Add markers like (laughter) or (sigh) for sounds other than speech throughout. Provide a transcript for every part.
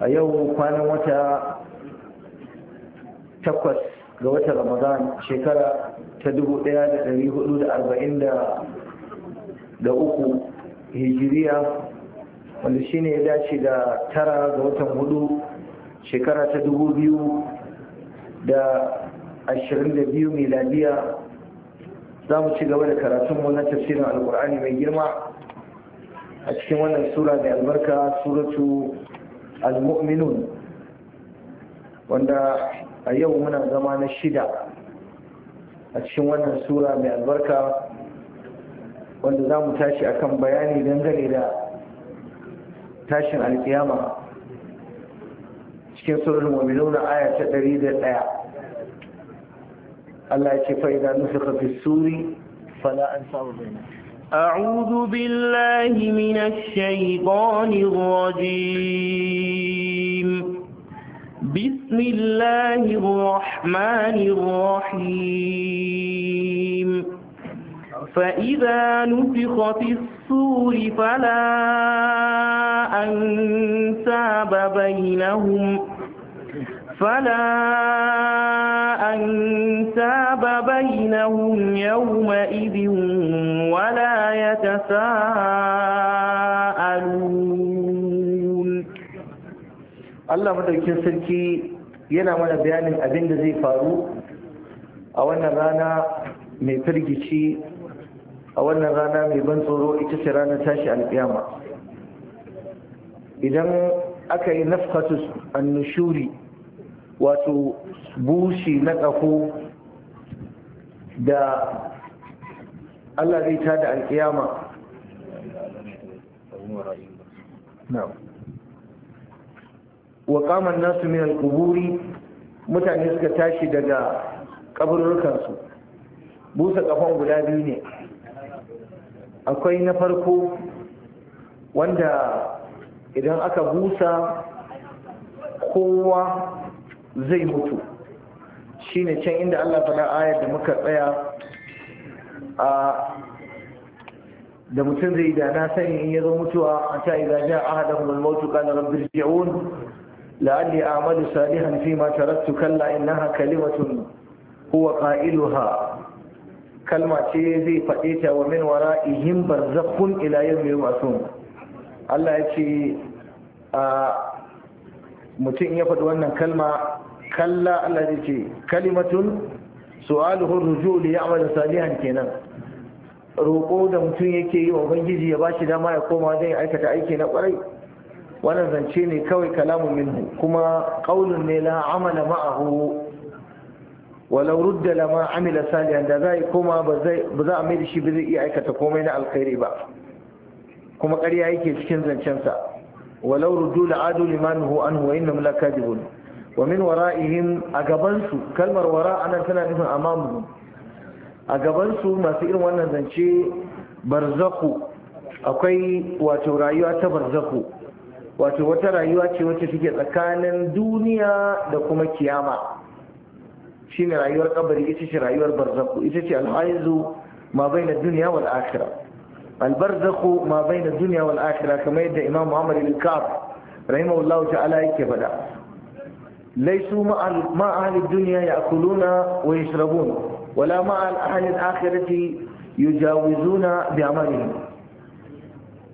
a yau kwanan wata takwas ga watan ramadan shekara ta 1443 hijiriya wanda ne ya dace da tara ga watan hudu shekara ta 2022 miladiya za mu ci gaba da karatun na tafsirin alkur'ani mai girma a cikin wannan sura mai albarka suratu al-mu'minun wanda a yau muna zama na shida a cikin wannan sura mai albarka wanda za mu tashi akan bayani dangane da tashin alkiyama cikin surar mu'minun aya ta 101 Allah ya ce fa idan nufika fi suri fala an samu bainahum أعوذ بالله من الشيطان الرجيم بسم الله الرحمن الرحيم فإذا نفخ في الصور فلا أنساب بينهم فلا أنساب بينهم يومئذ ولا يتساءلون الله مدركين سلكي yana mana bayanin abin da zai faru a wannan rana mai firgici a wannan rana mai ban tsoro ita ce ranar tashi alƙiyama idan aka yi nafkatus annushuri wato bushi na ƙafo da Allah zai ta da alƙiyama wa ƙaman nasu min alƙuburi mutane suka tashi daga ƙabarurkansu busa ƙafan guda biyu ne akwai na farko wanda idan aka busa kowa zai mutu shi ne can inda Allah faɗa ayar da muka tsaya a da mutum zai da na sani in ya zo mutuwa a ta yi jaa a haɗa maut qala rabbi irji'un la'alli a'malu salihan fi ma taraktu kalla innaha kalimatun ƙa'ilu ha kalma ce zai faɗe ta wa min wara wara'ihim barzakhun ilayen mai masu. Allah ya ce a mutum ya faɗi wannan kalma kalla Allah zai ce kalimatun su'aluhu ruju ya ya'mal salihan kenan roƙo da mutum yake yi wa ubangiji ya bashi dama ya koma zai aikata aiki na kwarai wannan zance ne kawai kalamun minhu kuma qaulun ne la amala ma'ahu walau rudda lama amila salihan da zai koma ba za a mai da shi ba zai iya aikata komai na alkhairi ba kuma ƙarya yake cikin zancensa walau ruddu la'adu limanuhu anhu wa innahum lakadibun wa min wara'ihim a gabansu kalmar wara anan tana nufin amamuhum a gabansu masu irin wannan zance barzaku akwai wato rayuwa ta barzaku wato wata rayuwa ce wacce take tsakanin duniya da kuma kiyama shine rayuwar kabari ita ce rayuwar barzaku ita ce al-aizu ma baina dunya wal akhirah al-barzakhu ma baina dunya wal akhirah kamar yadda imam Muhammad al-kaf rahimahullahu ta'ala yake faɗa ya kuluna مع أهل الدنيا يأكلون ويشربون ولا akirati أهل الآخرة يجاوزون بأعمالهم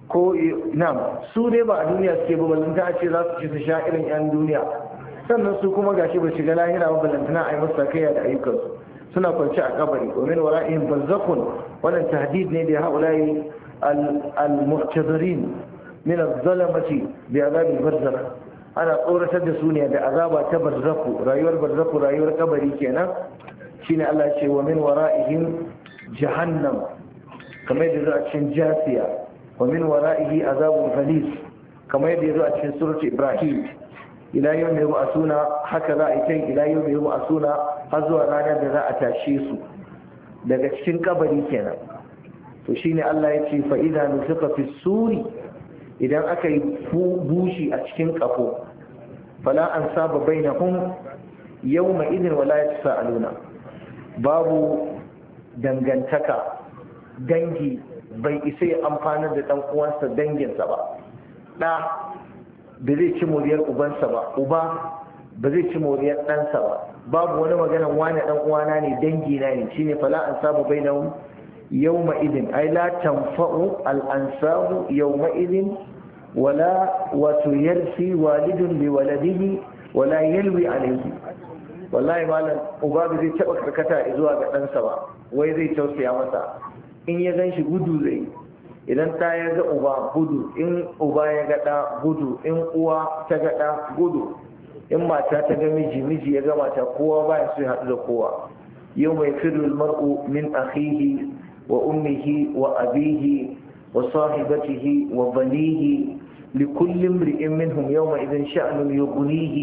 ko nam su ne ba a duniya suke ba balantana a ce za su ci su sha irin 'yan duniya sannan su kuma gashi ba shiga lahira ba balantana a yi masa kaiya da ayyukansu suna kwanci a kabari domin wara'in barzakun wannan tahdid ne da ya layi, al-muhtadirin min az-zalamati bi azab barzakh ana tsoratar da su ne da azaba ta barzaku rayuwar barzaku rayuwar kabari kenan shine Allah ce wa min wara'ihim jahannam kamar yadda a cikin jasiya wa min wara'ihi azabun ghalis kamar yadda yazo a cikin surati ibrahim ila yau mai yawmi yub'asuna haka za a kai ila yau mai yawmi yub'asuna har zuwa ranar da za a tashe su daga cikin kabari kenan to shine Allah ya ce fa idza nufiqa fi suri idan aka yi bushi a cikin kafo fala an saba yau yawma idin wala yatasaaluna babu dangantaka dangi bai isa ya amfanar da dan uwansa danginsa ba da ba zai ci uban ubansa ba uba ba zai ci moriyar ɗansa ba babu wani magana wane dan uwana ne dangi na ne shine fala an saba hun. yawma idin ai la tanfa'u al-ansabu yawma idin wala wato yarsi walidun bi waladihi wala yalwi alayhi wallahi malam uba bai taɓa taba karkata zuwa gaɗansa ba wai zai tausaya masa in ya gan gudu zai idan ta ya ga uba gudu in uba ya ga gudu in uwa ta ga gudu in mata ta ga miji miji ya ga mata kowa ba ya so haɗu da kowa yau mai firul mar'u min akhihi وأمه وأبيه وصاحبته وبنيه لكل امرئ منهم يومئذ شأن يغنيه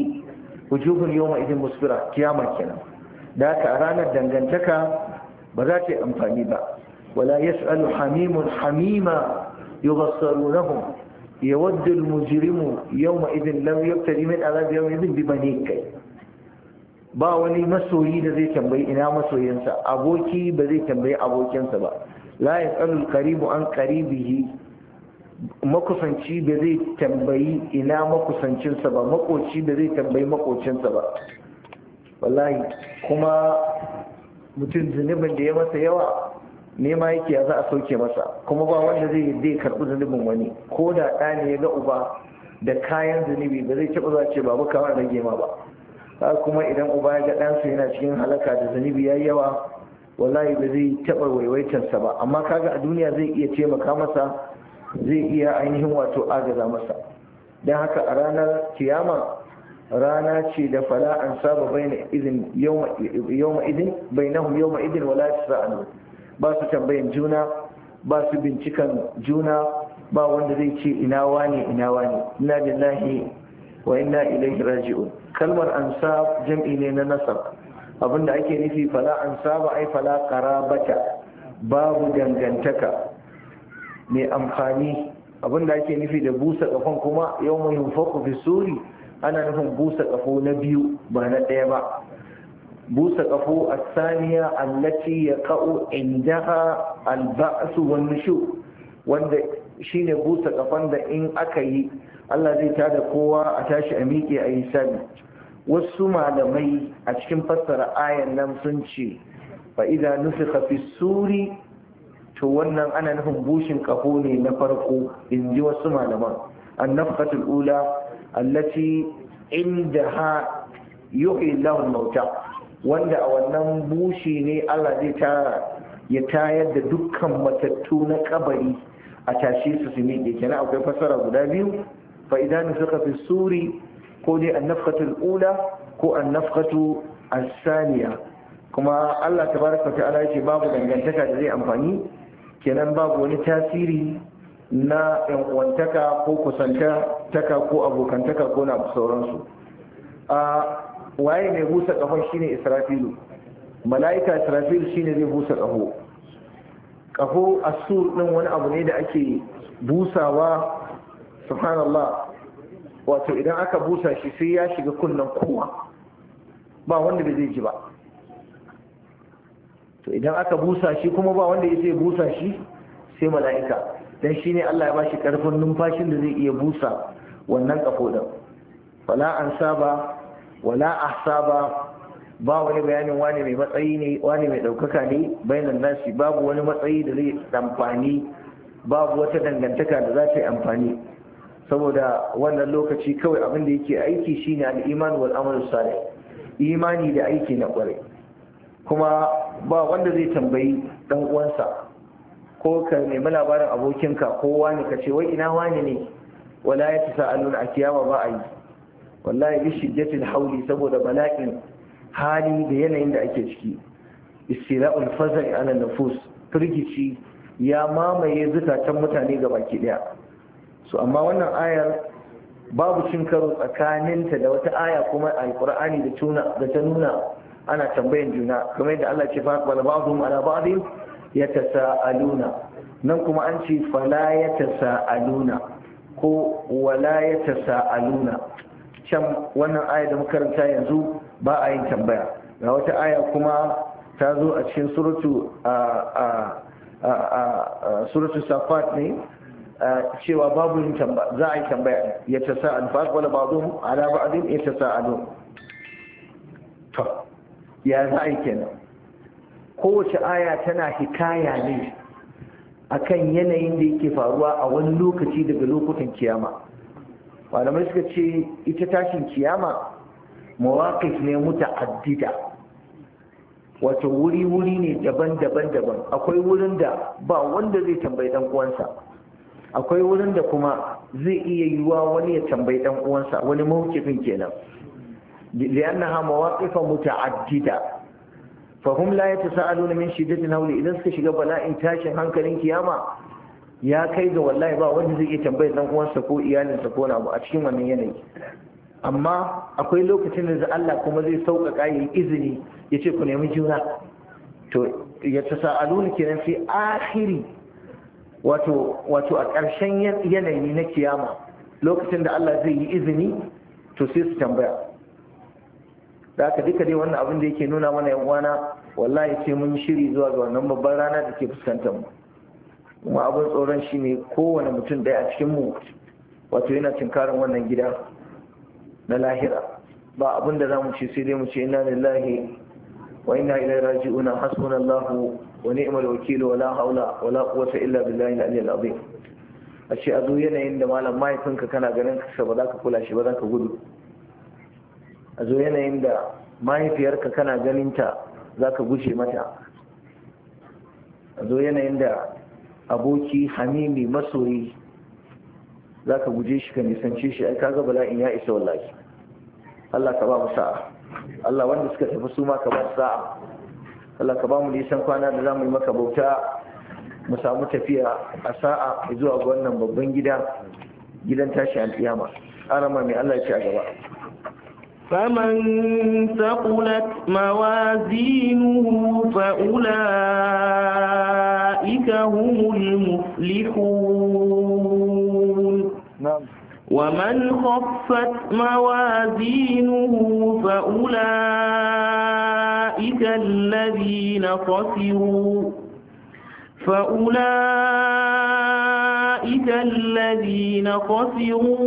وجوه يومئذ مسفرة قيامة كنا ذاك أرانا دنجنتك بذات أمفاني با ولا يسأل حميم حميما يبصرونهم يود المجرم يومئذ لم يبتدي من عذاب يومئذ ببنيه كي ba wani masoyi da zai tambayi ina masoyinsa aboki ba zai tambayi abokinsa ba la yasalu karibu an qaribihi makusanci ba zai tambayi ina makusancinsa ba makoci ba zai tambayi makocinsa ba wallahi kuma mutum zunubin da ya masa yawa nema yake ya za a sauke masa kuma ba wanda zai yi zai karɓi zunubin wani ko da ɗa ne ya ga uba da kayan zunubi ba zai taɓa za ba babu kawai rage ma ba ha kuma idan uba ya ga ɗansa yana cikin halaka da zunubi ya yawa wallahi ba zai taɓa waiwaitarsa ba amma kaga a duniya zai iya taimaka masa zai iya ainihin wato agaza masa don haka a ranar kiyama rana ce da fala an saba bai na yawma idin bainahum yawma idin wala ba su tambayin juna ba su bincikan juna ba wanda zai ce ina wani ina wani lillahi wa inna ilaihi raji'un kalmar ansab jam'i ne na nasab abinda ake nufi fala ansaba ai fala qarabata babu dangantaka mai amfani abinda ake nufi da busa kafan kuma yawmun yunfaku fi suri ana nufin busa kafo na biyu ba na ɗaya ba busa kafo a saniya allati ya ka'u indaha alba'su wani shu wanda shine busa kafan da in aka yi Allah zai tada kowa a tashi a miƙe a yi sabi wasu malamai a cikin fassara ayan nan sun ce ba idza nufikha kafi suri to wannan ana nufin bushin kafo ne na farko in ji wasu malaman annafqatul ula allati indaha yuhyi lahu mauta wanda a wannan bushi ne Allah zai tara ya tayar da dukkan matattu na kabari a tashe su su miƙe kenan akwai fasara guda biyu fa idan suka fi suri ko dai annafqatul ula ko an as-saniya kuma Allah tabaraka ta'ala yace babu dangantaka da zai amfani kenan babu wani tasiri na yan uwantaka ko kusantaka ko abokantaka ko na sauransu a waye mai busa kafan shine Israfilu mala'ika israfilu shine zai busa kafo kaho asur ɗin wani abu ne da ake busawa subhanallah wato idan aka busa shi sai ya shiga kunnen kowa ba wanda da zai ji ba to idan aka busa shi kuma ba wanda ya busa shi sai mala'ika dan shi ne Allah ya ba shi karfin numfashin da zai iya busa wannan kafo ɗin wala ansaba wala saba ba wani bayanin wani mai matsayi ne wani mai ɗaukaka ne bayanan nasi babu wani matsayi da zai amfani babu wata dangantaka da za ta yi amfani saboda wannan lokaci kawai abin da yake aiki shine al'iman wal amal salih imani da aiki na kware kuma ba wanda zai tambayi dan uwansa ko ka nemi labarin abokinka ko wani ka ce wai ina wani ne wala ya tasa alun a ba a yi wallahi bi shiddatil saboda bala'in hali da yanayin da ake ciki istila'ul faza'i ala nufus firgici ya mamaye zukatan mutane ga baki daya so amma wannan ayar babu cin karo tsakaninta da wata aya kuma alqur'ani da tuna ta nuna ana tambayan juna kamar yadda Allah ce fa wal ba'dhum ala ba'dhin yatasaaluna nan kuma an ce fala yatasaaluna ko wala yatasaaluna can wannan ayar da makaranta yanzu ba a yin tambaya ga wata aya kuma ta zo a cikin suratu a suratu safat ne cewa babu yin tambaya za a yi tambaya ya ta sa alfaq wala ba'dhum ala ba'dhin ya ta sa adu to ya za a yi kenan kowace aya tana hikaya ne akan yanayin da yake faruwa a wani lokaci daga lokutan kiyama malamai suka ce ita tashin kiyama mawaƙif ne muta'addida wato wuri wuri ne daban-daban daban akwai wurin da ba wanda zai tambayi dan uwansa akwai wurin da kuma zai iya yiwa wani ya tambayi dan uwansa wani mawqifin kenan li'annaha mawaqif muta'addida fahum la yatasaaluna min shiddatin hawli idan suka shiga bala'in tashin hankalin kiyama ya kai ga wallahi ba wanda zai iya tambayi dan uwansa ko iyalinsa ko na a cikin wannan yanayi amma akwai lokacin da Allah kuma zai sauƙaƙa yi izini ya ce ku nemi juna to ya ta sa'aluni kenan fi akhiri wato wato a ƙarshen yanayi na kiyama lokacin da Allah zai yi izini to sai su tambaya da haka duka dai wannan abin da yake nuna mana yan uwana wallahi sai mun shiri zuwa ga wannan babban rana da ke fuskantar mu kuma abin tsoron shine kowane mutum ɗaya a cikin mu wato yana karin wannan gida na lahira ba abin da za mu ce sai dai mu ce inna lillahi wa inna ilaihi raji'una hasbunallahu wa ni'mal wakeel wa la haula wa la quwwata illa billahi al-aliyyil azim a ce a zo yanayin da malam mahaifinka kana ganin kasa ba za ka kula shi ba za ka gudu a zo yanayin da mahaifiyarka kana ganinta za ka gushe mata a zo yanayin da aboki hamimi masoyi za ka guje shi ka nisance shi ai kaga bala'in ya isa wallahi Allah ka ba mu sa'a Allah wanda suka tafi su ma ka ba sa'a Allah ka ba mu nisan kwana da za mu yi maka bauta mu samu tafiya a sa'a zuwa ga wannan babban gida gidan tashi alƙiyama arama mai Allah ya ci a gaba فمن ثقلت موازينه فأولئك هم المفلحون نعم ومن خفت موازينه فأولئك الذين خسروا فأولئك الذين خسروا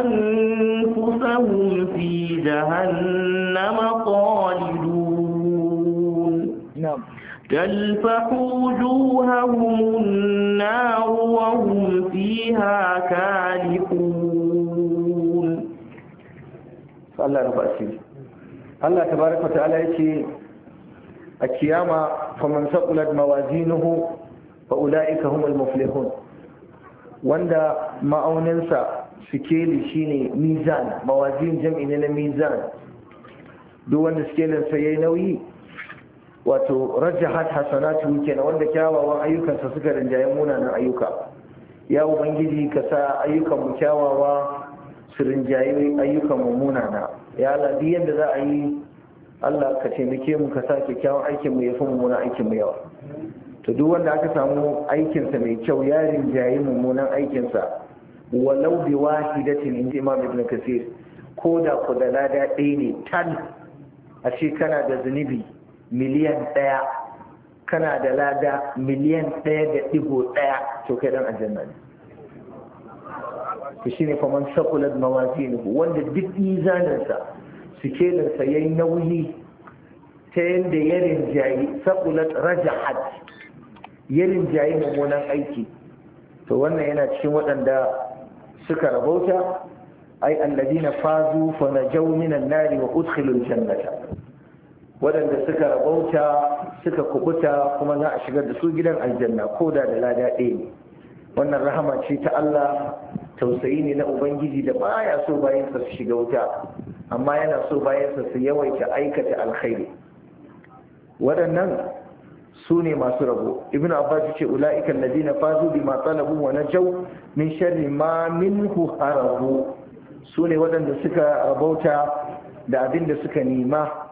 أنفسهم في جهنم خالدون نعم تلفح وجوههم النار وهم فيها كالحون الله رباسي الله تبارك وتعالى يتي القيامة فمن ثقلت موازينه فأولئك هم المفلحون وندا ما أوننسى sikeli shine mizan mawazin jam'i ne na mizan duk wanda sikelinsa yayi nauyi wato rajahat hasanatu kenan wanda kyawawan ayyukansa suka rinjaye munanan ayyuka ya ubangiji ka sa ayyukan mu kyawawa su rinjaye ayyukan mu munana ya Allah duk yadda za a yi Allah ka taimake mu ka sa kyakkyawan aikin mu fi mummunan aikin mu yawa to duk wanda aka samu aikinsa mai kyau ya rinjaye mummunan aikinsa walau bi wahidatin inda imam ibn kasir ko da ku da ɗaya ne tan a ce kana da zunubi miliyan ɗaya kana da lada miliyan ɗaya da ɗigo ɗaya to kai ɗan aljanna ne to shine faman sakulat mawazinuhu wanda duk mizaninsa sikelinsa ya yi nauyi ta yadda ya rinjayi sakulat rajahat ya rinjayi mummunan aiki to wannan yana cikin waɗanda suka rabauta ai alladina fazu fa najaw minan nari wa udkhilul jannata waɗanda suka rabauta suka kubuta kuma za a shigar da su gidan aljanna ko da da lada ɗaya ne wannan rahama ce ta Allah tausayi ne na ubangiji da baya so bayansa su shiga wuta amma yana so bayansa su yawaita aikata alkhairi waɗannan su ne masu rabo ibn abbas ce ula'ika alladhina fazu bima talabu wa najaw min sharri ma minhu harabu su ne waɗanda suka rabauta da abin da suka nema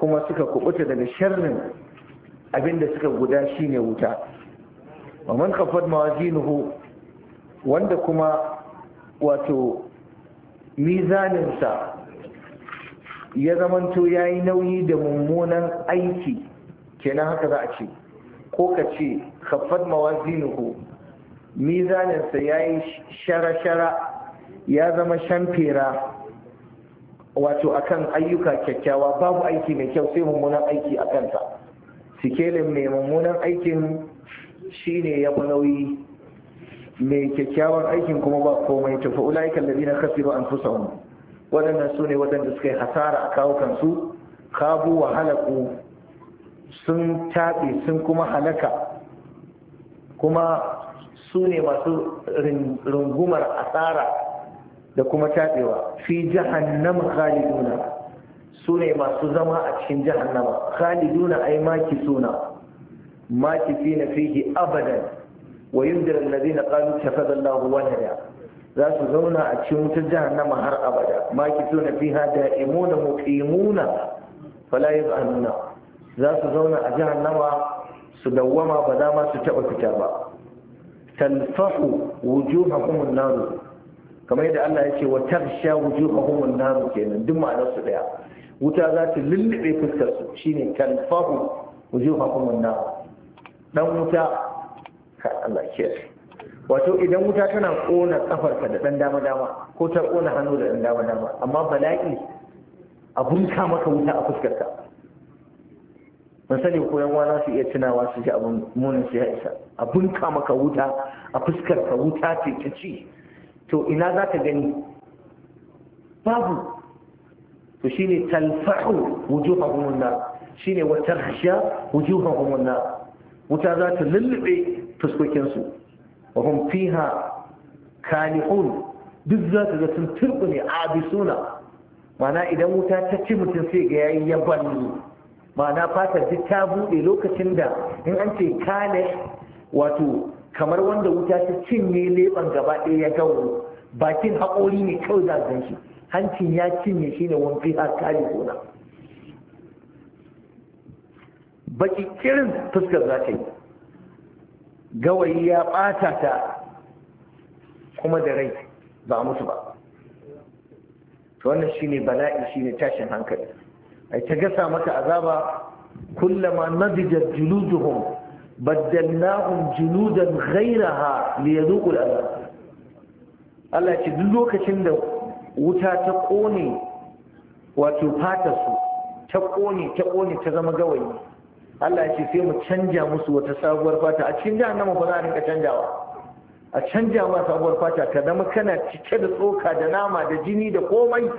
kuma suka kubuta daga sharrin abinda suka guda shine wuta wa man khaffat mawazinuhu wanda kuma wato mizaninsa ya zamanto yi nauyi da mummunan aiki kenan haka za a ce ko ka ce khaffat mawazinuhu mizaninsa ya yi shara-shara ya zama shamfera wato akan ayyuka kyakkyawa babu aiki mai kyau sai mummunan aiki a kansa sikelin mai mummunan aikin shine ya fi nauyi mai kyakkyawan aikin kuma ba komai ta fa ulaikan ladina khasiru anfusahum wadannan sune wadanda suka yi hasara a kawo kansu kabu wa halaku sun taɓe sun kuma halaka kuma su ne masu rungumar asara da kuma tabewa fi jahannama khaliduna su ne masu zama a cikin jahannama khaliduna ai maki suna maki fi na fihi abadan wa yundira na qalu takhadha Allahu walada za su zauna a cikin wutar jahannama har abada maki suna fiha da'imuna muqimuna fala yaz'anuna za su zauna a jahannama su dawwama ba za ma su taba fita ba talfahu wujuhakum an-nar kamar yadda Allah ya ce wa tarsha wujuhahum an-nar kenan duk ma'anar su daya wuta za ta lullube fuskar su shine talfahu wujuhahum an-nar dan wuta ka Allah ke wato idan wuta tana kona ka da dan dama dama ko ta kona hannu da dan dama dama amma bala'i a bunka maka wuta a fuskar ka ban sani ko yan wana su iya tunawa su ji abin munin su ya isa a bunka maka wuta a fuskar ka wuta ce ta ci to ina za ka gani babu to shine talfa'u wujuhahum an Shi shine wa tarhasha wujuhahum an wuta za ta lullube fuskokin su wa hum fiha duk za ta ga sun abin abisuna ma'ana idan wuta ta ci mutum sai ga yayi yabanni Mana fatar duk ta bude lokacin da in an ce kale wato kamar wanda wuta ta cinye leban gaba ɗaya ya gawo. bakin haƙori ne kawai za a gan shi hancin ya cinye shi ne wamfi har kare gona baki kirin fuskar za ta yi gawayi ya ɓata ta kuma da rai ba a mutu ba to wannan shi ne bala'i shi ne tashin hankali ai ta gasa maka azaba kullama nadijat juluduhum baddalnahum juludan ghayraha liyadhuqul azab Allah ce duk lokacin da wuta ta ƙone wato fatarsu ta ƙone ta ƙone ta zama gawayi Allah ya ce sai mu canja musu wata sabuwar fata a cikin jahannama ba za a rinka canjawa a canja ma sabuwar fata ka zama kana cike da tsoka da nama da jini da komai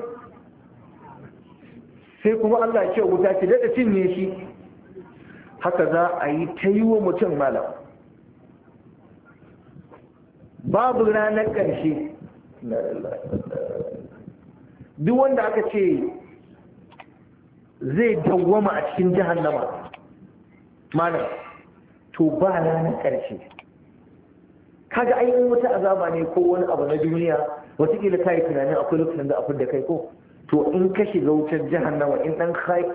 sai kuma Allah ya ce wuta ce daɗa cinye shi haka za a yi ta yi wa mutum malam babu ranar ƙarshe duk wanda aka ce zai dawwama a cikin nama, mana to ba ranar ƙarshe kaga ainihin wata azaba ne ko wani abu na duniya wataƙila ta yi tunanin akwai lokacin da da kai ko to in ka shiga wutar nama in dan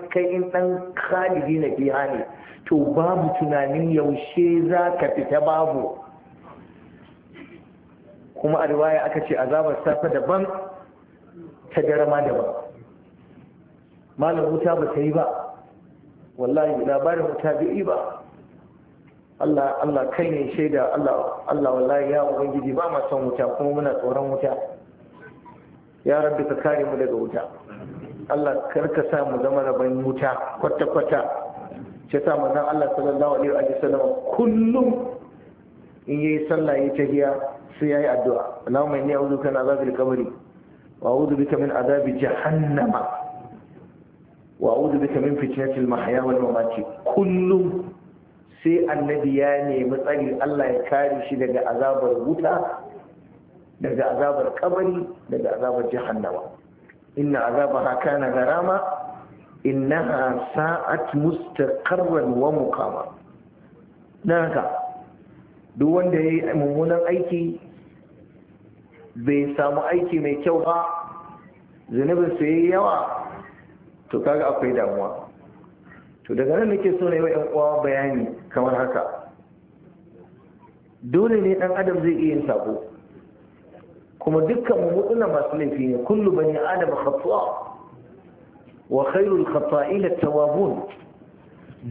kai in dan khalidi na biya ne to babu tunanin yaushe za ka fita babu kuma a riwaya aka ce azabar safa daban ta garama daban malam wuta ba ta yi ba wallahi labarin wuta bai yi ba Allah Allah kai ne shaida Allah Allah wallahi ya ubangiji ba ma son wuta kuma muna tsoron wuta ya rabbi ka kare mu daga wuta Allah kar ka sa mu zama rabin wuta kwata kwata ce sa manzon Allah sallallahu alaihi wa sallam kullum in yayi sallah yayi tahiya sai yi addu'a Allahumma inni a'udhu bika min azabil qabri wa a'udhu bika min azabi jahannama wa a'udhu bika min fitnatil mahya wal mamati kullum sai annabi ya nemi tsari Allah ya kare shi daga azabar wuta daga azabar kabari daga azabar jahannama inna azabaha kana garama innaha sa'at mustaqarran wa muqama dan haka duk wanda ya yi mummunan aiki bai samu aiki mai kyau ba zunubin su yi yawa to kaga akwai damuwa to daga nan nake so na yi wa 'yan uwa bayani kamar haka dole ne ɗan adam zai iya yin sabo kuma dukkan mummuna masu laifi ne kullu bani adam khata'a wa khairul khata'ina tawabun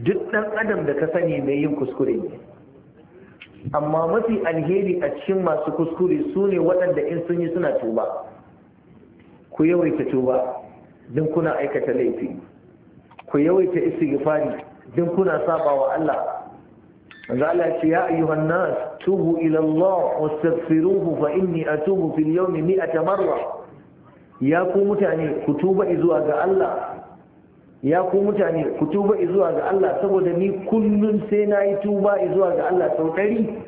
duk ɗan adam da ka sani mai yin kuskure ne amma mafi alheri a cikin masu kuskure su ne waɗanda in sun yi suna tuba ku yawaita tuba don kuna aikata laifi ku yawaita istighfari don kuna saba wa Allah Za a ce ya ayyuhan nas tubu ila Allah wastaghfiruhu fa inni atubu fil yawmi mi'ata marra ya ku mutane ku tuba izuwa ga Allah ya ku mutane ku tuba zuwa ga Allah saboda ni kullum sai na yi tuba zuwa ga Allah sau ɗari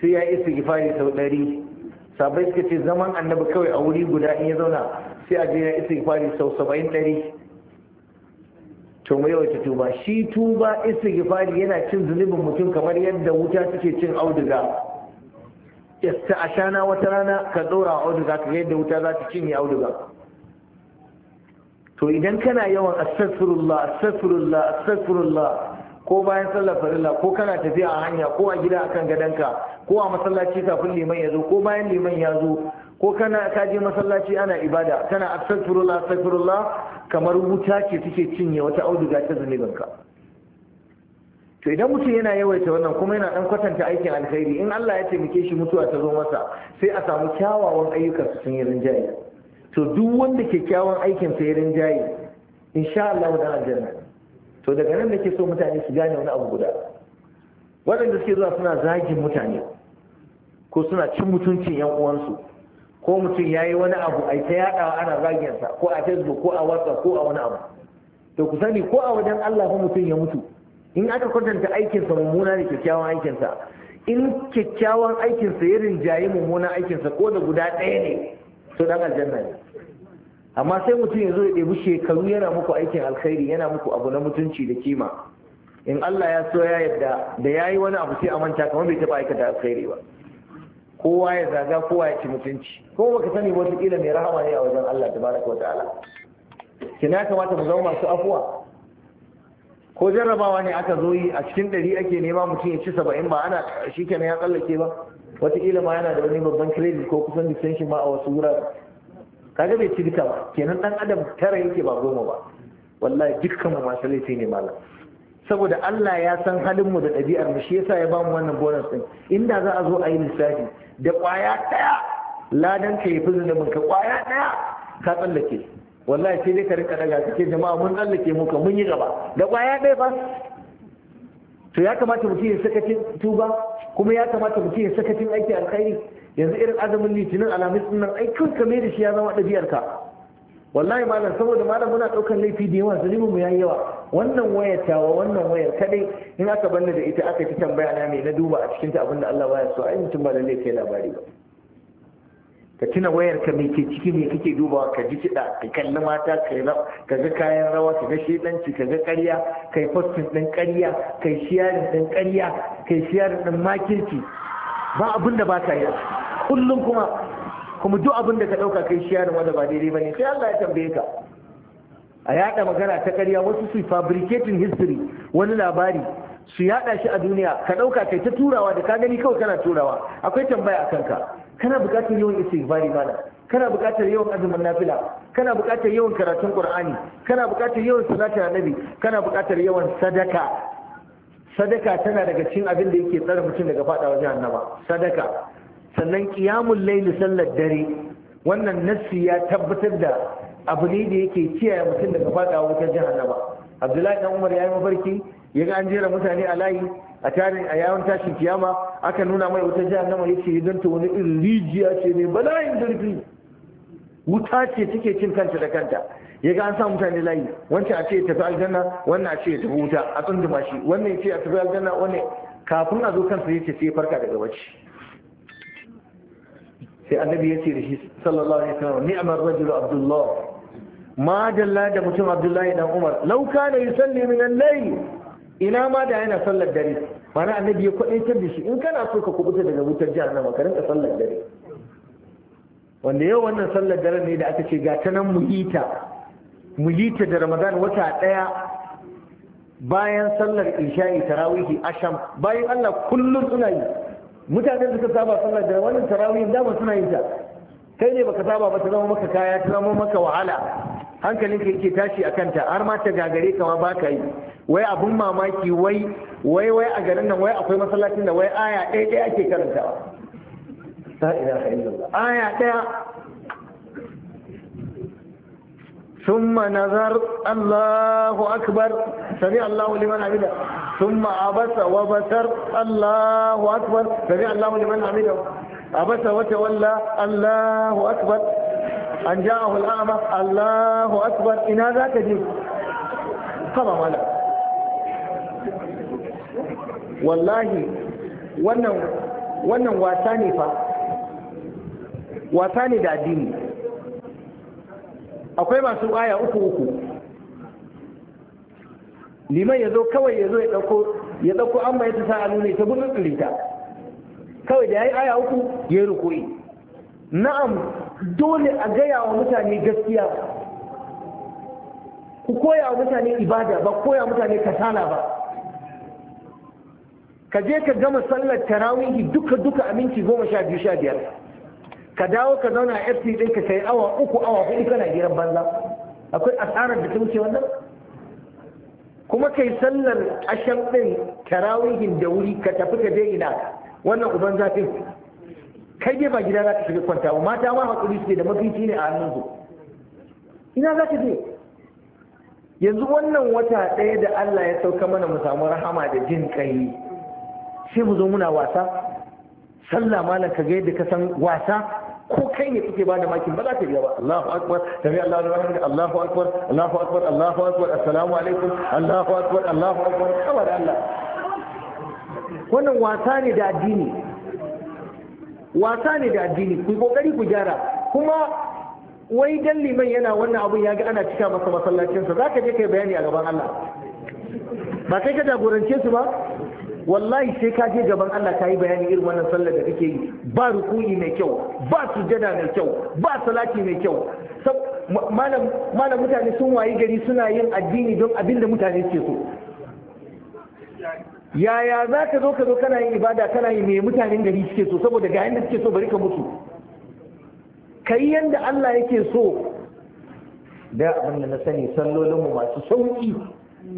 sai ya yi istighfari sau ɗari sabai suka ce zaman annabi kawai a wuri guda in ya zauna sai a je ya istighfari sau saba'in ɗari to mu yawaita tuba shi tuba istighfari yana cin zunubin mutum kamar yadda wuta take cin auduga ta ashana wata rana ka ɗora auduga ka yadda wuta za ta cinye auduga to idan kana yawan astagfirullah astagfirullah astagfirullah ko bayan sallar farilla ko kana tafiya a hanya ko a gida akan gadanka ko a masallaci kafin liman ya zo ko bayan liman ya zo ko kana ka je masallaci ana ibada kana astagfirullah astagfirullah kamar wuta ce take cinye wata auduga ta zunubinka to idan mutum yana yawaita wannan kuma yana dan kwatanta aikin alkhairi in Allah ya taimake shi mutuwa ta zo masa sai a samu kyawawan ayyuka su sun yi rinjaye to duk wanda kyakkyawan aikin sa ya rinjaye insha Allah da aljanna to daga nan nake so mutane su gane wani abu guda waɗanda suke zuwa suna zagin mutane ko suna cin mutuncin yan uwansu ko mutum ya yi wani abu a ta yaɗawa ana zaginsa ko a facebook ko a whatsapp ko a wani abu to ku sani ko a wajen Allah ko mutum ya mutu in aka kwatanta aikinsa mummuna da kyakkyawan aikinsa in kyakkyawan aikinsa ya rinjaye mummunan aikinsa ko da guda ɗaya ne to dan aljanna ne amma sai mutum ya zo ya ɗebi shekaru yana muku aikin alkhairi yana muku abu na mutunci da kima in Allah ya so ya yadda da ya yi wani abu sai a manta kamar bai taɓa aikata alkhairi ba kowa ya zaga kowa ya ci mutunci kuma baka sani wata kila mai rahama ne a wajen Allah da tabaraka wata'ala kina kamata mu zama masu afuwa ko jarrabawa ne aka zo yi a cikin ɗari ake nema mutum ya ci saba'in ba ana shi kenan ya tsallake ba wataƙila ma yana da wani babban kiredi ko kusan distinction ma a wasu wurare kaga bai ci duka ba kenan dan adam tara yake ba goma ba wallahi dukkan mu masu laifi ne malam saboda Allah ya san halin mu da ɗabi'ar mu shi yasa ya bamu wannan bonus din inda za a zo a yi lissafi da kwaya ɗaya ladan ka yi fizin mun ka kwaya ɗaya ka tsallake wallahi sai dai ka rika daga cikin jama'a mun tsallake mu ka mun yi gaba da kwaya ɗaya ba. to ya kamata mutum ya sakacin tuba kuma ya kamata mutum ya sakacin aiki alkhairi yanzu irin azumin litinin alamis din nan ai kanka mai da shi ya zama ɗabi'ar ka wallahi malam saboda malam muna ɗaukar laifi da yawa zunubin mu yayi yawa wannan wayar tawa wannan wayar kadai in aka banna da ita aka ci tambaya na me na duba a cikin ta abinda Allah baya so ai mutum ba lalle kai labari ba ka tuna wayar ka mai ke ciki mai kake dubawa ka ji kiɗa ka kalli mata ka ga kayan rawa ka ga shiɗanci, ka ga ƙarya yi fastin ɗin ƙarya yi shiyarin ɗin ƙarya yi shiyarin ɗin makirci ba abin da ba ka yi kullum kuma kuma duk abin da ka ɗauka ka yi shiyarin wanda ba daidai ba ne sai Allah ya tambaye ka a yaɗa magana ta ƙarya wasu su fabricating history wani labari su yaɗa shi a duniya ka ɗauka kai ta turawa da ka gani kawai kana turawa akwai tambaya akan ka kana bukatar yawan istighfari mana kana bukatar yawan azumin nafila kana bukatar yawan karatun qur'ani kana bukatar yawan salatin annabi kana bukatar yawan sadaka sadaka tana daga cikin abin da yake tsare mutum daga fadawa annaba sadaka sannan qiyamul laili sallar dare wannan nassi ya tabbatar da abu ne da yake kiyaye mutum daga fadawa wutar annaba abdullahi dan umar ya yi mafarki ya ga an jera mutane a layi a tarin a yawon tashin kiyama aka nuna mai jihar nama ya ce ta wani irin rijiya ce mai bala'in zurfi wuta ce take cin kanta da kanta ya ga an sa mutane layi wancan a ce ya tafi aljanna wannan a ce ya tafi wuta a tsunduma shi wannan ya ce a tafi aljanna wannan kafin a zo kansa ya ce sai farka daga wacce sai annabi ya ce da shi sallallahu alaihi wasallam ni'amar rajul abdullah ma dalla da mutum abdullahi dan umar lau kana yusalli min al-layl ina ma da yana sallar dare mana annabi ya kwadaitar da shi in kana so ka kubuta daga wutar jahannama ka rinka sallar dare wanda yau wannan sallar dare ne da aka ce ga ta nan muhita muhita da ramadan wata ɗaya bayan sallar isha'i tarawihi asham bayan Allah kullum suna yi mutanen suka saba sallar dare wannan tarawihin dama suna yin ta kai ne baka saba ba ta zama maka kaya ta zama maka wahala hankalinka yake tashi a kanta har ma ta gagare kama ba ka yi wai abun mamaki wai wai wai a garin nan wai akwai masallacin da wai aya ɗaya ɗaya ake karanta ta aya ɗaya summa nazar allahu akbar sami allahu liman amida summa abasa wa basar allahu akbar sami allahu liman amida abasa wata walla allahu akbar an ja'ahu al'ama Allahu akbar ina za ka je kama mala wallahi wannan wannan wasa ne fa wasa ne da addini akwai masu aya uku uku liman ya zo kawai ya zo ya ɗauko ya ɗauko an bai ta a nuna ne ta gudun ta kawai da ya yi aya uku ya yi rukuri na'am dole a gaya wa mutane gaskiya ku koya wa mutane ibada ba koya mutane kasala ba ka je ka gama sallar tarawihi duka duka a minti goma sha biyu sha biyar ka dawo ka zauna a fc din ka sai awa uku awa hudu kana gidan banza akwai asarar da ta wuce wannan kuma kai sallar ashan ɗin tarawihin da wuri ka tafi ka je ina wannan uban zafin kai dai ba gida za ka shiga kwanta ba mata ma hakuri suke da mafici ne a hannunsu ina za ka je yanzu wannan wata ɗaya da Allah ya sauka mana mu samu rahama da jin kai sai mu zo muna wasa sallah malam ka ga yadda ka san wasa ko kai ne kuke bada makin ba za ta biya ba Allahu akbar tabi Allahu akbar Allahu akbar Allahu akbar Allahu akbar assalamu alaikum Allahu akbar Allahu akbar kawai Allah wannan wasa ne da addini wasa ne da addini ku kokari ku gyara kuma wai dan liman yana wannan abun ya ga ana cika masa masallacinsa za ka je kai bayani a gaban Allah ba kai ka jagorance su ba wallahi sai ka je gaban Allah ka yi bayani irin wannan sallar da kake yi ba ruku'i mai kyau ba sujada mai kyau ba salati mai kyau malam mutane sun wayi gari suna yin addini don abinda mutane ke so yaya za ka zo ka zo kana yin ibada kana yi mai mutanen gari suke so saboda ga yadda suke so bari ka mutu ka yi yadda Allah yake so da abin da na sani sallolinmu masu sauki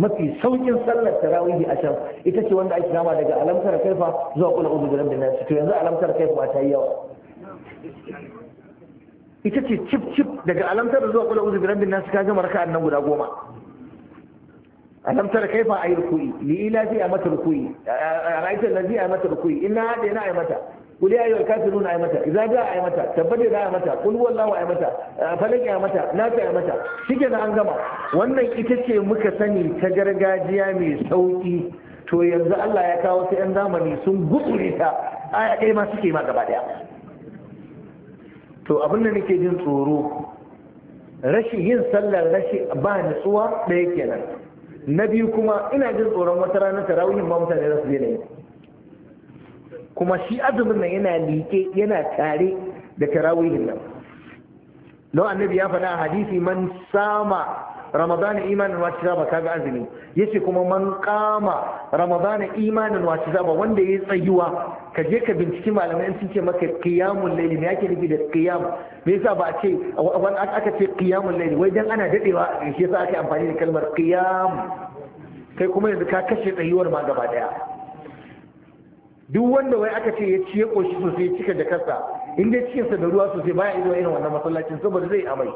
mafi saukin sallar tarawihi a can ita ce wanda ake nama daga alamtar kaifa zuwa kula uzu da rabbi su to yanzu alamtar kaifa ba ta yi yawa ita ce cip cip daga alamtar zuwa kula uzu da rabbi su ka gama raka'an nan guda goma alam tara kaifa ayi ruku'i li ila fi amata ruku'i ra'aita allazi ayi mata ruku'i inna hada na ayi mata kuli ayi wal kafirun ayi mata idza ja ayi mata tabbata ayi mata kul wallahu ayi mata falaki ayi mata na ta ayi mata shike da an gama wannan ita ce muka sani ta gargajiya mai sauki to yanzu Allah ya kawo sai yan zamani sun gutsure ta aya kai ma suke ma gaba daya to abin da nake jin tsoro rashin yin sallar rashin ba nutsuwa ɗaya kenan na biyu kuma ina jin tsoron wata ranar tarawihin ma mutane za su daina yi kuma shi azumin nan yana liƙe yana tare da tarawihin nan lau annabi ya faɗa a hadisi man sama ramadana imanin wa zaba kaga azumi yace kuma man kama ramadana imanin wa zaba wanda yayi tsayuwa kaje ka binciki malamai an sun maka qiyamul layli me yake nufi da qiyam me yasa ba a ce aka ce qiyamul layli wai dan ana dadewa shi yasa aka amfani da kalmar qiyam kai kuma yanzu ka kashe tsayuwar ma gaba daya duk wanda wai aka ce ya ciye koshi sosai cika da kasa in dai cikinsa da ruwa sosai baya ido irin wannan masallacin saboda zai amai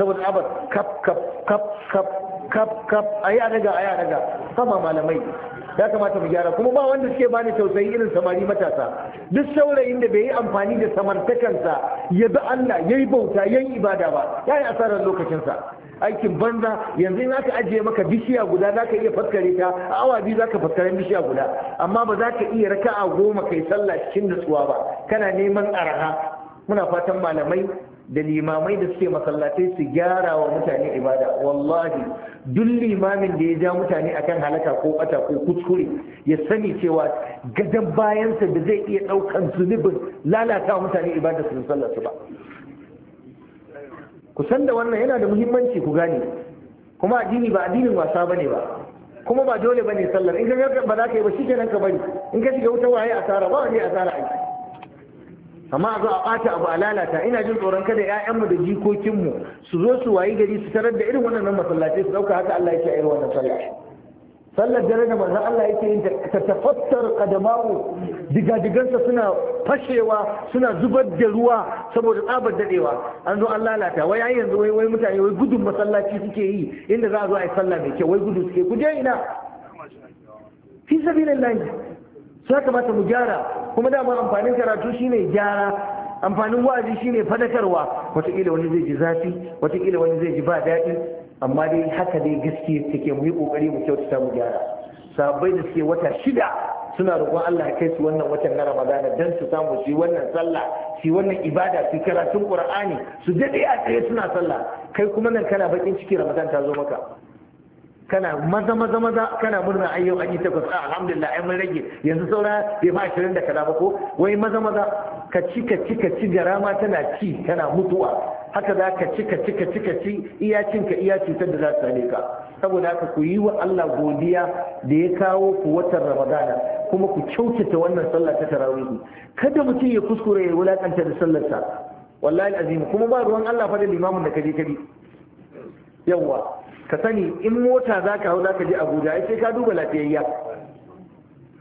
saboda abar kap kap kap kap kap kap ayi a daga ayi a daga sama malamai ya kamata mu gyara kuma ba wanda suke bani tausayi irin samari matasa duk saurayin da bai yi amfani da samartakansa ya bi Allah ya bauta ya ibada ba ya yi asarar lokacinsa aikin banza yanzu za ka ajiye maka bishiya guda za ka iya faskare ta a awa biyu za ka faskaren bishiya guda amma ba za ka iya raka a goma kai sallah cikin nutsuwa ba kana neman araha muna fatan malamai da limamai da suke masallatai su gyara wa mutane ibada wallahi duk limamin da ya ja mutane akan halaka ko bata ko kuskure ya sani cewa gadon bayansa da zai iya daukan zunubin lalata mutane ibada su sallar su ba ku san da wannan yana da muhimmanci ku gane kuma addini ba addinin wasa bane ba kuma ba dole bane sallar in ka ba za ka yi ba shikenan ka bari in ka shiga wuta waye asara ba wani asara aiki amma a zo a ɓata abu a lalata ina jin tsoron kada ƴaƴanmu da jikokinmu su zo su wayi gari su tarar da irin wannan masallaci su ɗauka haka Allah yake a irin wannan sallah sallar dare da manzon Allah yake yin ta tafattar kadamawo digadigansa suna fashewa suna zubar da ruwa saboda tsabar dadewa an zo an lalata wai ai yanzu wai mutane wai gudun masallaci suke yi inda za a zo a yi sallah mai kyau wai gudu suke ku ina fi sabilillah sai kamata mu gyara kuma dama amfanin karatu shine gyara amfanin wa'azi shine fadakarwa wataƙila wani zai ji zafi wataƙila wani zai ji ba daɗi amma dai haka dai gaske take mu yi kokari mu kyautata mu gyara sabai da suke wata shida suna roƙon Allah ya kai su wannan watan na Ramadana dan su samu su wannan sallah su wannan ibada su karatun Qur'ani su dade a tsaye suna sallah kai kuma nan kana bakin ciki Ramadan ta zo maka kana maza maza maza kana murna ayyau aji an yi ah, alhamdulillah ai mun rage yanzu saura bai fa ashirin da kaza ba ko wai maza maza ka ci ka ci ka tana ci tana mutuwa haka za ka cika cika ci ka ci ka iya cutar da za ta same ka saboda haka ku yi wa Allah godiya da ya kawo ku watan Ramadana kuma ku kyautata wannan sallah ta tarawih kada mutum ya kuskure ya wulakanta da sallarsa wallahi al'azim kuma ba ruwan Allah fa da limamin da kaje kabi yawa ka sani in mota za ka hau za ka je Abuja sai ka duba lafiyayya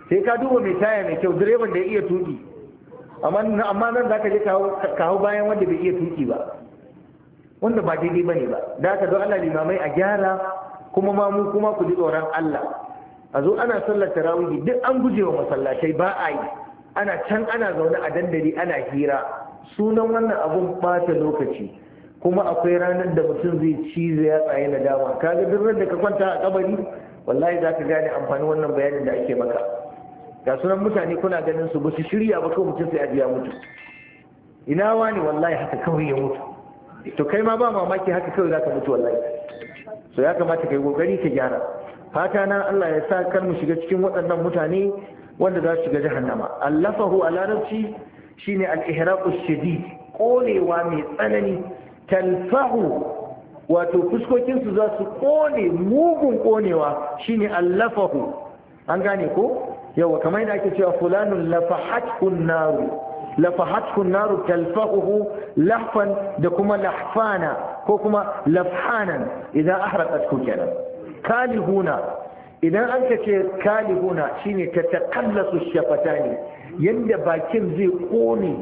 sai ka duba mai taya mai kyau direban da ya iya tuki amma nan za ka je ka hau bayan wanda bai iya tuki ba wanda ba daidai bane ba da haka don ana limamai a gyara kuma ma mu kuma ku ji tsoron Allah a zo ana sallar tarawihi duk an guje wa masallatai ba a yi ana can ana zaune a dandali ana hira sunan wannan abun bata lokaci kuma akwai ranar da mutum zai cizo ya tsaye na dama kaga duk da ka kwanta a kabari wallahi za ka gane amfanin wannan bayanin da ake maka ga sunan mutane kuna ganin su ba su shirya ba kawai mutum sai a biya mutu ina wani wallahi haka kawai ya mutu to kai ma ba mamaki haka kawai zaka mutu wallahi so ya kamata kai kokari ka gyara fata na Allah ya sa kar mu shiga cikin waɗannan mutane wanda za su shiga jahannama allafahu a larabci shine al-ihraq shadid kolewa mai tsanani talfahu wato fuskokin su za su kone mugun konewa shine allafahu an gane ko yawa kamar yadda ake cewa fulanun lafahat naru lafahatku naru talfahu lahfan da kuma lafana ko kuma lafhanan idan ahraqatku kenan kalihuna idan an ka ce kalihuna shine ta shafata shafatani Yadda bakin zai kone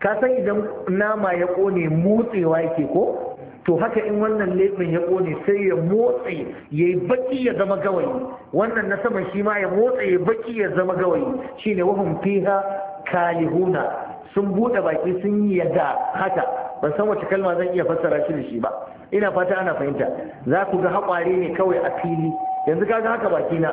ka san idan nama ya kone motsewa yake ko to haka in wannan laifin ya kone sai ya motsi ya yi baki ya zama gawayi wannan na saman shi ma ya motsi ya baki ya zama gawayi shine wahun fiha kalihuna sun buɗe baki sun yi yadda haka ban san wace kalma zan iya fassara shi da shi ba ina fata ana fahimta za ku ga haƙwari ne kawai a fili yanzu ka ga haka baki na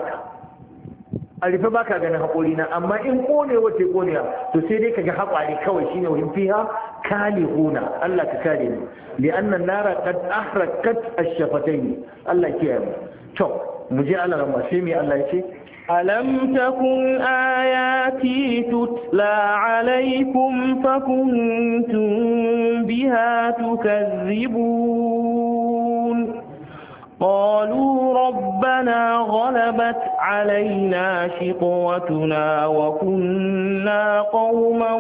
a rufe baka ganin haƙori na amma in konewa ce konewa to sai dai ka ga haƙwari kawai shine wurin fiha kalihuna Allah ka kare ni li annan nara qad ahrakat ash-shafatayn Allah kiyaye mu to mu je Allah ramma sai me Allah ya ce ألم تكن آياتي تتلى عليكم فكنتم بها تكذبون قالوا ربنا غلبت علينا شقوتنا وكنا قوما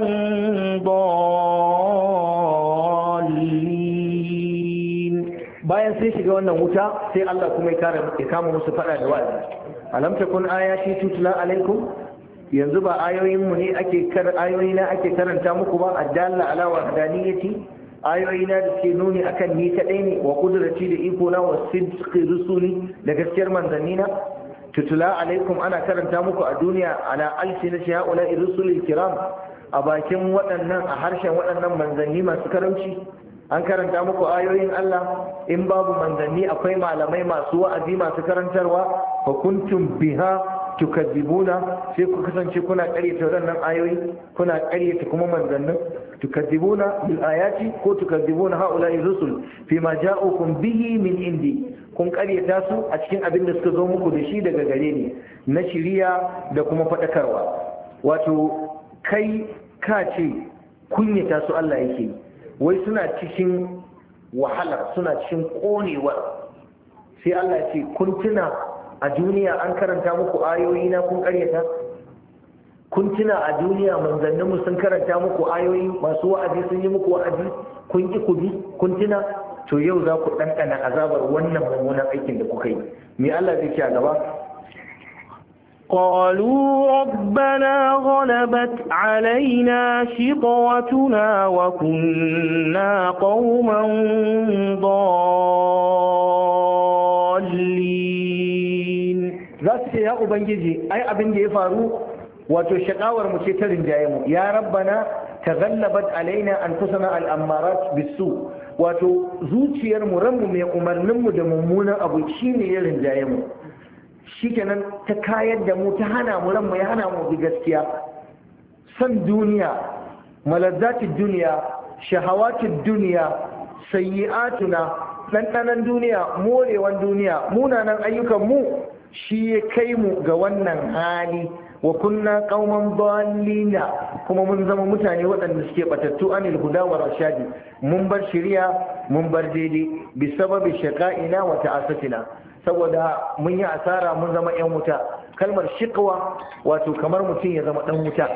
ضالين bayan sun shiga wannan wuta sai يكرم kuma ya kama alam takun ayati tutla alaikum yanzu ba ayoyin mu ne ake kar ayoyi na ake karanta muku ba addalla ala wahdaniyati ayoyi na da ke nuni akan ni kadai ne wa kudrati da iko na wa sidqi rusuli da gaskiyar manzannina tutla alaikum ana karanta muku a duniya ala alsinati haula rusulil kiram a bakin waɗannan a harshen waɗannan manzanni masu karamci an karanta muku ayoyin Allah in babu manzanni akwai malamai masu wa'azi masu karantarwa fa biha tukadzibuna sai ku kasance kuna ƙaryata waɗannan ayoyi kuna ƙaryata kuma manzannin tukadzibuna bil ayati ko tukadzibuna haula rusul fima ja'ukum bihi min indi kun ƙaryata su a cikin abin da suka zo muku da shi daga gare ni na shiriya da kuma faɗakarwa wato kai ka ce kunyata su Allah yake wai suna cikin wahala suna cikin ƙonewar sai Allah ce kun tuna a duniya an karanta muku ayoyi na kun karyata kun tuna a duniya manzanninmu sun karanta muku ayoyi masu wa'azi sun yi muku wa'azi kun ki ku bi kun tuna to yau za ku ɗanɗana azabar wannan mummunan aikin da kuka yi me Allah zai ce a gaba قالوا ربنا غلبت علينا شقوتنا وكنا قوما ضالين za su ce ya ubangiji ai abin da ya faru wato shakawar mu ce ta rinjaye mu ya rabbana taghallabat alaina anfusuna al-ammarat bisu wato zuciyar mu ranmu mai umarnin mu da mummunan abu ne ya rinjaye mu shikenan ta kayar da mu ta hana mu ranmu ya hana mu bi gaskiya san duniya malazzatid duniya shahawatid duniya atuna. ɗanɗanan duniya morewan duniya munanan ayyukan mu shi ya kai mu ga wannan hali wa kunna kauman balina kuma mun zama mutane waɗanda suke batattu anil huda wa rashadi mun bar shirya mun bar daidai bi sababi shaqaina wa ta'asatina saboda mun yi asara mun zama yan wuta kalmar shiqwa wato kamar mutum ya zama dan wuta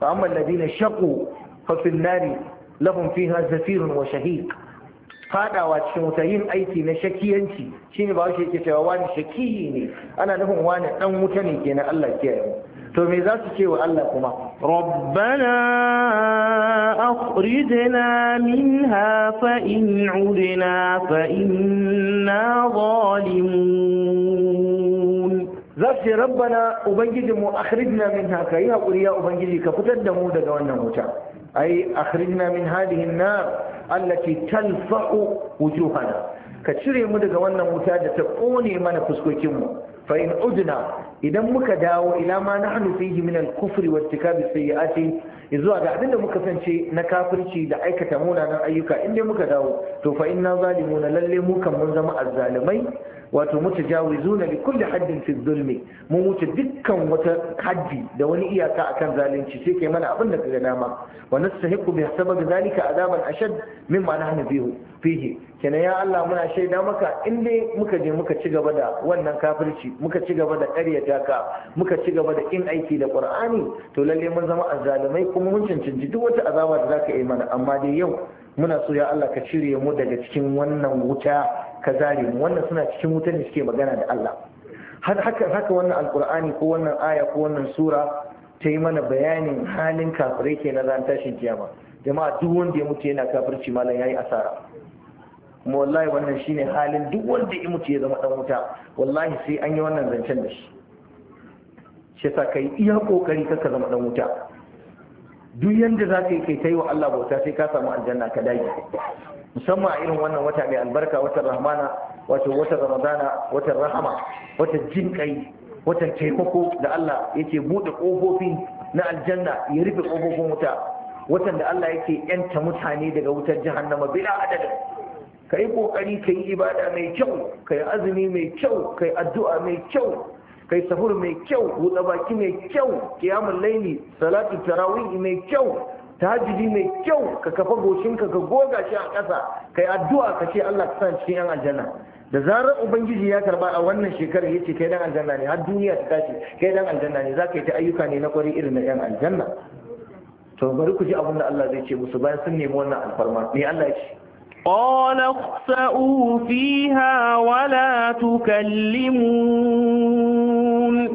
fa amma alladina shaqu fa fil nari lahum fiha zafirun wa shahiq fadawa cikin wuta yin aiki na shakiyanci shine ba shi yake cewa wani shakiyi ne ana nufin wani dan wuta ne kenan Allah kiyaye mu to me za su ce wa Allah kuma rabbana akhrijna minha fa in udna fa inna zalimun za su ce rabbana mu akhrijna minha ka yi hakuri ya ubangiji ka fitar da mu daga wannan wuta ai akhrijna min hadihin nar allati talfa'u wujuhana ka cire mu daga wannan wuta da ta kone mana fuskokin mu fa in udna idan muka dawo ila ma nahnu fihi min al-kufri wa irtikabi sayyi'ati zuwa ga abinda muka sance na kafirci da aikata munanan ayyuka in dai muka dawo to fa inna na lalle mu kan mun zama azzalimai wato mutajawizuna li kulli haddin fi zulmi mu wuce dukkan wata haddi da wani iyaka akan zalunci sai kai mana abin da kaga dama wa nastahiqu bi sababi zalika azaban ashad mimma nahnu bihi fihi kenan ya Allah muna shaida maka in dai muka je muka ci gaba da wannan kafirci muka ci gaba da ƙaryata ka muka ci gaba da in aiki da Qur'ani to lalle mun zama azzalumai kuma mun cancanci duk wata azaba da zaka yi mana amma dai yau muna so ya Allah ka cire mu daga cikin wannan wuta ka zare mu wannan suna cikin wuta ne suke magana da Allah har haka haka wannan alqur'ani ko wannan aya ko wannan sura ta yi mana bayanin halin kafirai kenan ran tashin kiyama jama'a duk wanda ya mutu yana kafirci malam ya yi asara kuma wallahi wannan shine halin duk wanda ya mutu ya zama dan wuta wallahi sai an yi wannan zancen da shi shi yasa kai iya kokari kaka zama dan wuta duk yanda za ka yi kai ta yi wa Allah bauta sai ka samu aljanna ka dage musamman a irin wannan wata mai albarka watan rahmana wato watan ramadana watan rahama watan jin kai watan taimako da Allah yake buɗe ƙofofi na aljanna ya rufe ƙofofin wuta watan da Allah yake yanta mutane daga wutar jahannama bila adadin ka yi kokari ka yi ibada mai kyau ka yi azumi mai kyau ka yi addu'a mai kyau ka yi sahur mai kyau buɗe baki mai kyau kiyamun laini salatu tarawih mai kyau tahajjudi mai kyau ka kafa goshinka ka goga shi a ƙasa ka yi addu'a ka ce Allah ka sani cikin yan aljanna da zarar ubangiji ya karba a wannan shekarar yace kai dan aljanna ne har duniya ta tashi kai dan aljanna ne zaka yi ta ayyuka ne na kwari irin na yan aljanna to bari ku ji abin da Allah zai ce musu bayan sun nemi wannan alfarma me Allah ya ce قال اخسأوا فيها ولا تكلمون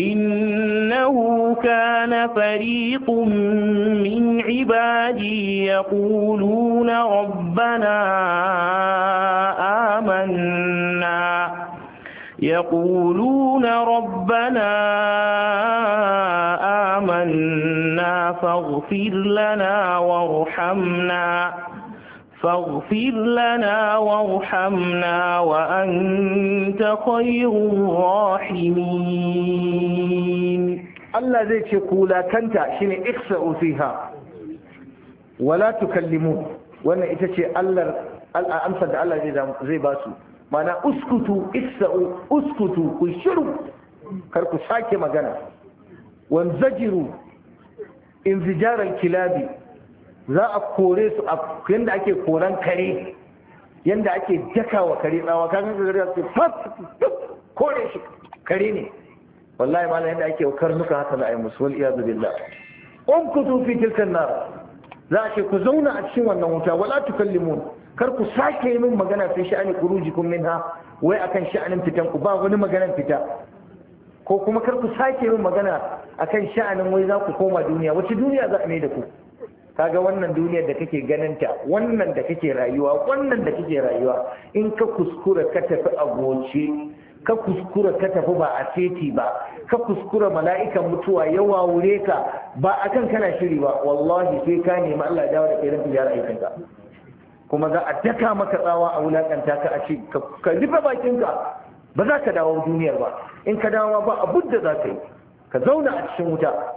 إنه كان فريق من عبادي يقولون ربنا آمنا يقولون ربنا آمنا فاغفر لنا وارحمنا فاغفر ta وارحمنا وأنت خير الراحمين Allah zai ce kula-kanta kulatanta shine iksa'u fiha wala tukallimu wannan ita ce Allah amsar da Allah zai ba su mana uskutu iksa'u uskutu ku kar ku sake magana wanzajiru inzijaral kilabi za a kore su a yadda ake koran kare yadda ake jaka wa kare tsawa kan ga gari su fas kore shi kare ne wallahi ma yadda ake karnuka haka na a yi iya wal iyadu ku umkutu fi tilkan nar za a ce ku zauna a cikin wannan wuta wala tukallimun kar ku sake yi min magana fi sha'ani min ha, wai akan sha'anin fitan ku ba wani maganar fita ko kuma kar ku sake yi min magana akan sha'anin wai za ku koma duniya wace duniya za a mai da ku Ka ga wannan duniyar da kake ganinta wannan da kake rayuwa wannan da kake rayuwa in ka kuskura ka tafi a goce ka kuskura ka tafi ba a seti ba ka kuskura mala'ikan mutuwa ya wawure ka ba a kan kana shiri ba wallahi sai ka nemi Allah ya da irin tijara aikin ka kuma za a daka maka tsawa a wulakanta ka a ce ka rufe bakin ba za ka dawo duniyar ba in ka dawo ba abin da za ka yi ka zauna a cikin wuta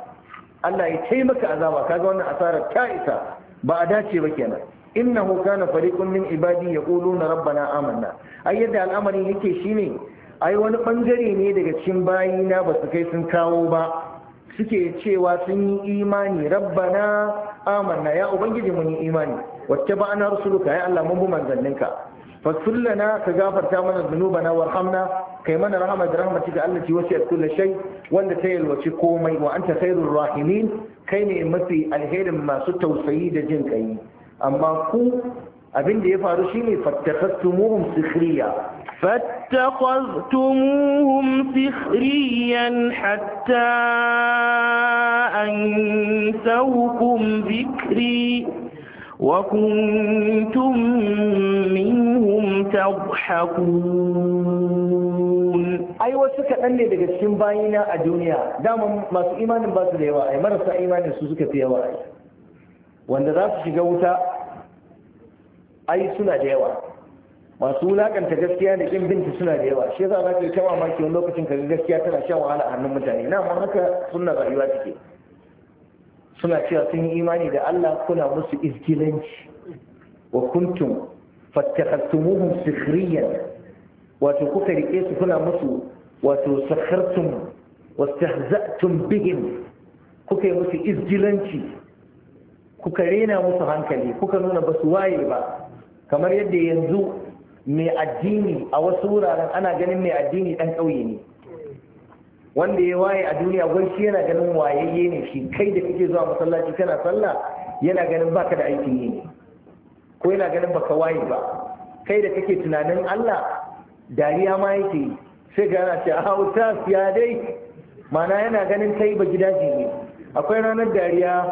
Allah ya ce maka azaba kaga wannan asarar ta isa ba a dace ba kenan innahu kana fariqun min ibadi yaquluna rabbana amanna ai yadda al'amarin yake shine ai wani bangare ne daga cikin bayina ba su kai sun kawo ba suke cewa sun yi imani rabbana amanna ya ubangiji mun yi imani wacce ba ana rusuluka ya Allah mun bi manzanninka fasfir lana ka gafarta mana dhunubana warhamna kai mana rahama da rahmatika allati a kullu shay wanda ta yalwaci komai wa anta khairur rahimin kai ne mafi alherin masu tausayi da jin kai amma ku abin da ya faru shine fattakhattumuhum sikhriya فاتخذتموهم سخريا حتى أنسوكم ذكري وكنتم منهم تضحكون ai wasu kaɗan ne daga cikin bayina a duniya dama masu imanin ba su da yawa ai marasa imanin su suka fi yawa wanda za su shiga wuta ai suna da yawa masu wulakanta gaskiya da kin binta suna da yawa shi yasa za ka yi ta mamaki wani lokacin ka ga gaskiya tana shan wahala a hannun mutane na haka suna rayuwa take suna cewa sun yi imani da Allah kuna musu izgilanci wa kuntum fattakhastumuhum sikhriyan wato kuka rike su kuna musu wato sakhartum wastahza'tum bihim kuka yi musu izgilanci kuka rena musu hankali kuka nuna ba su waye ba kamar yadda yanzu mai addini a wasu wuraren ana ganin mai addini dan ƙauye ne wanda ya waye a duniya shi yana ganin wayayye ne shi kai da kake zuwa masallaci kana sallah yana ganin baka da aikin yi ne ko yana ganin baka waye ba kai da kake tunanin Allah dariya ma yake sai ga yana ce a ah, wuta ya dai mana yana ganin kai ba gida ne akwai ranar dariya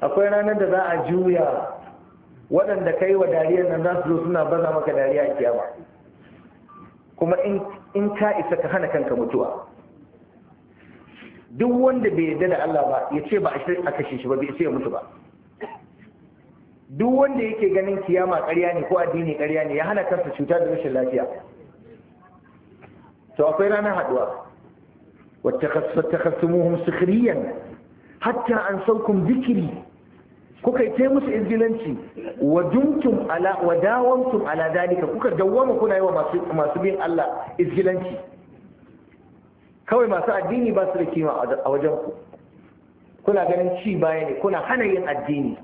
akwai ranar da za a juya waɗanda kai wa dariyar nan za su zo suna baza maka dariya a kiyama kuma in ka isa ka hana kanka mutuwa duk wanda bai yarda da Allah ba ya ce ba a kashe shi ba bai ce ya mutu ba duk wanda yake ganin kiyama ƙarya ne ko addini ƙarya ne ya hana kansa cuta da rashin lafiya to akwai ranar haduwa wattakhasumuhum sukhriyan hatta an saukum bikiri, kuka yi musu izgilanci wa dumtum ala wa dawamtum ala dalika kuka dawwama kuna yi wa masu masu bin Allah izgilanci kawai masu addini ba su da kima a wajen ku kuna ganin ci baya ne kuna hana yin addini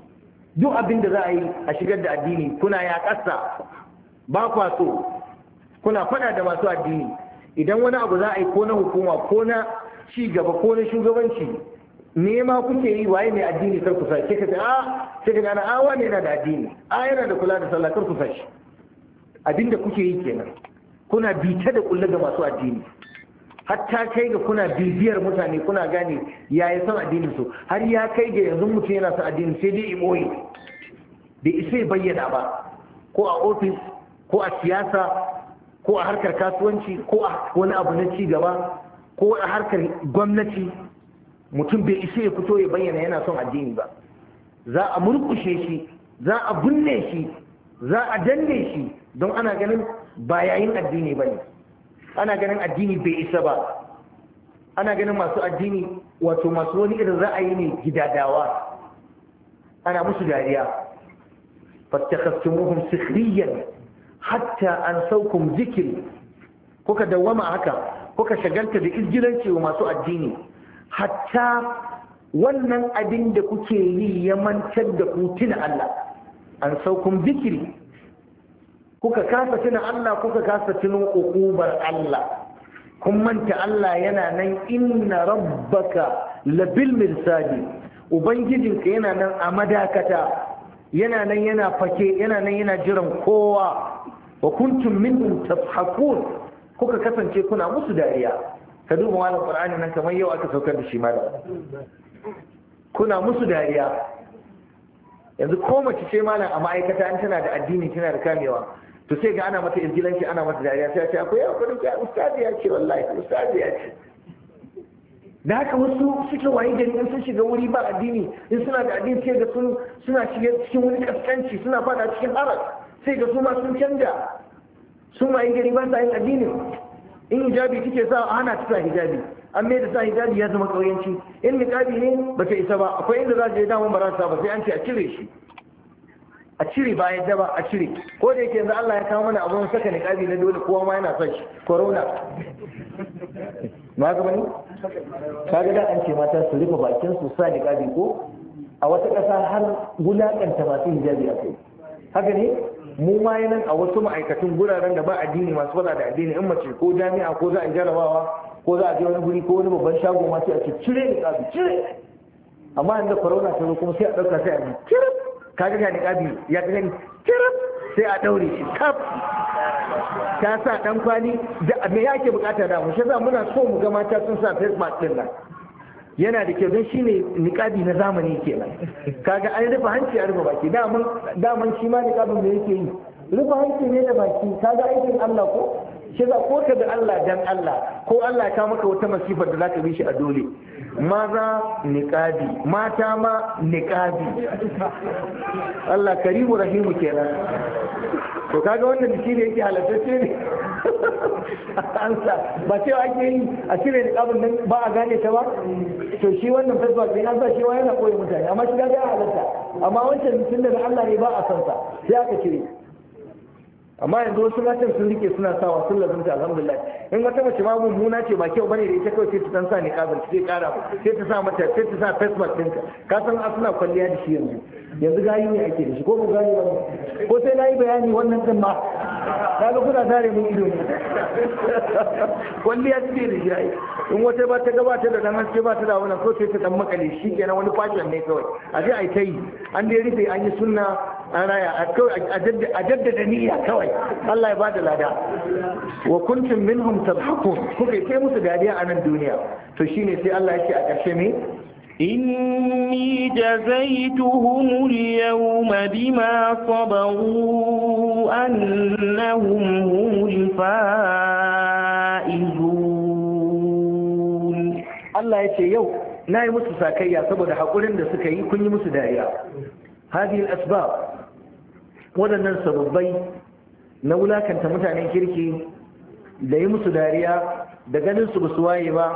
duk abin da za a yi a shigar da addini kuna ya ƙasa ba kwa so kuna faɗa da masu addini idan wani abu za a yi ko na hukuma ko na ci gaba ko na shugabanci nema kuke yi waye mai addini kar ku sai ka ce a ah, sai ka gana awa ah, ne yana da addini a ah, yana da kula da sallah kar ku abinda kuke yi kenan kuna bita da kullu ga masu addini hatta kai ga kuna bibiyar mutane kuna gane yi son addinin su har ya kai ga yanzu mutum yana son addinin sai dai iboyi bai isa bayyana ba ko a ofis ko a siyasa ko a harkar kasuwanci ko a wani abu na ci gaba ko a harkar gwamnati mutum bai isa ya fito ya bayyana yana son addini ba za a murkushe shi za a binne shi za a danne shi don ana ganin ba yayin addini ba ne ana ganin addini bai isa ba ana ganin masu addini wato masu wani irin ra'ayi ne gidadawa ana musu dariya fattakhastumuhum sikhriyan hatta an saukum zikri kuka dawama haka kuka shagalta da izgilanci wa masu addini hatta wannan abin da kuke yi ya mantar da ku Allah an saukun zikri kuka kasa tuna Allah kuka kasa tunan ukubar Allah kun manta Allah yana nan inna rabbaka labil mirsadi ubangijinka yana nan a madakata yana nan yana fake yana nan yana jiran kowa wa kuntum minhum tafhakun kuka kasance kuna musu dariya ka duba malam qur'ani nan kamar yau aka saukar da shi malam kuna musu dariya yanzu ko mace ce malam a ma'aikata in tana da addini tana da kamewa to sai ga ana mata izgilanci ana mata dariya sai ce akwai akwai ga ustazi ya ce wallahi ustazi ya ce da haka wasu suke waye da in sun shiga wuri ba addini in suna da addini sai ga sun suna shiga cikin wani kaskanci suna fada cikin haras sai ga su ma sun canja sun waye gari ba sa yin addini in hijabi kike sa ana tsaya hijabi an mai da sa hijabi ya zama kauyanci in niqabi ne ba ta isa ba akwai inda za ta je damun ba za ta ba sai an ce a cire shi a cire ba yadda ba a cire ko da yake yanzu Allah ya kawo mana abun saka niqabi na dole kowa ma yana son shi corona ma ga bani kaga da an ce mata su rufe bakin su sa niqabi ko a wata ƙasa har wulaƙanta masu hijabi a kai haka ne mu ma yanan a wasu ma'aikatun guraren da ba addini masu faɗa da addini in mace ko jami'a ko za a jarabawa ko za a je wani guri ko wani babban shago ma sai a ce cire ni cire amma inda corona ta zo kuma sai a ɗauka sai a ji cire kaga ga niƙabi ya gani kirif sai a ɗaure shi kaf ta sa ɗan kwani da me yake bukata da mu shi za muna so mu ga mata sun sa face mask ɗin nan yana da kyau don shi ne niƙabi na zamani ke nan. kaga an rufe hanci a rufe baki daman daman shi ma niƙabin da yake yi rufe hanci ne da baki kaga aikin Allah ko shi za ko ka da Allah dan Allah ko Allah ka maka wata masifar da zaka bi shi a dole maza niƙabi mata ma niƙabi Allah karimu rahimu kenan to kaga wannan biki ne yake halattacce ne (laughs) ba cewa ake yi a cire niƙabin nan ba a gane ta ba to shi wannan facebook ne an sa shi yana koyi mutane amma shi ga halatta amma wancan tun da Allah ne ba a san sa sai aka cire amma yanzu wasu matan sun rike suna sawa sun ta alhamdulillah in wata mace ma mummuna ce ba kyau bane da ita kawai sai ta dan sa kazan sai kara sai ta sa mata sai ta sa face mask ɗinka ka asuna kwalliya da shi yanzu yanzu gayu ne ake da shi ko ku gani ba ko sai na yi bayani wannan din ma na ga kuna tare mun ido ne wanda ya ce da shi in wata ba ta gabata da nan sai ba ta da wannan ko sai ta dan makale shi kenan wani fashion ne kawai a je ai tai an dai rufe an yi sunna an raya a jaddada niyya kawai Allah ya ba da lada wa kuntum minhum tadhakun kuka kai musu dariya a nan duniya to shine sai Allah ya ce a ƙarshe me إني جزيتهم اليوم بما صبروا أنهم هم الفائزون الله يتي يو ناي مسو ساكيا سبب حقولين da suka yi kun yi musu dariya هذه الأسباب waɗannan sababbai na wulakanta mutanen kirki da yi musu dariya da ganinsu su ba su waye ba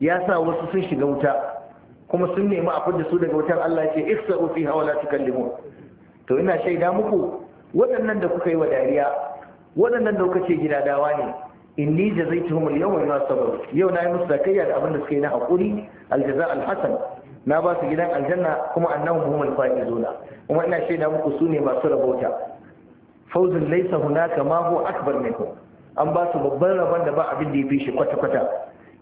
ya sa wasu sun shiga wuta kuma sun nemi a fudda su daga wutar Allah ce ifsa'u fiha wa la tukallimun to ina shaida muku waɗannan da kuka yi wa dariya waɗannan da kuka ce gidadawa ne inni jazaituhum al-yawma bima sabaru yau na yi musu zakayya da abin da suka yi na hakuri aljaza hasan na ba su gidan aljanna kuma annahum hum al-faizuna kuma ina shaida muku su ne masu rabota. fawzun laysa hunaka ma huwa akbar minhu an ba su babban rabon da ba abin da ya fi shi kwata-kwata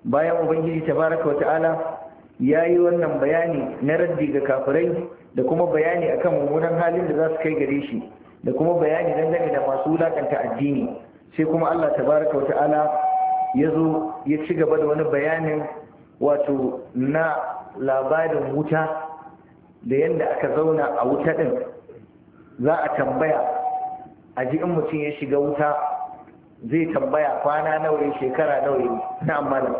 bayan ubangiji tabaraka wa ta'ala ya yi wannan bayani na raddi ga kafirai da kuma bayani akan mummunan halin da za su kai gare shi da kuma bayani dangane da masu wulakanta addini sai kuma Allah tabaraka wa ta'ala ya zo ya ci gaba da wani bayanin wato na labarin wuta da yadda aka zauna a wuta ɗin za a tambaya a ji in mutum ya shiga wuta zai tambaya kwana nawa shekara nawa na malam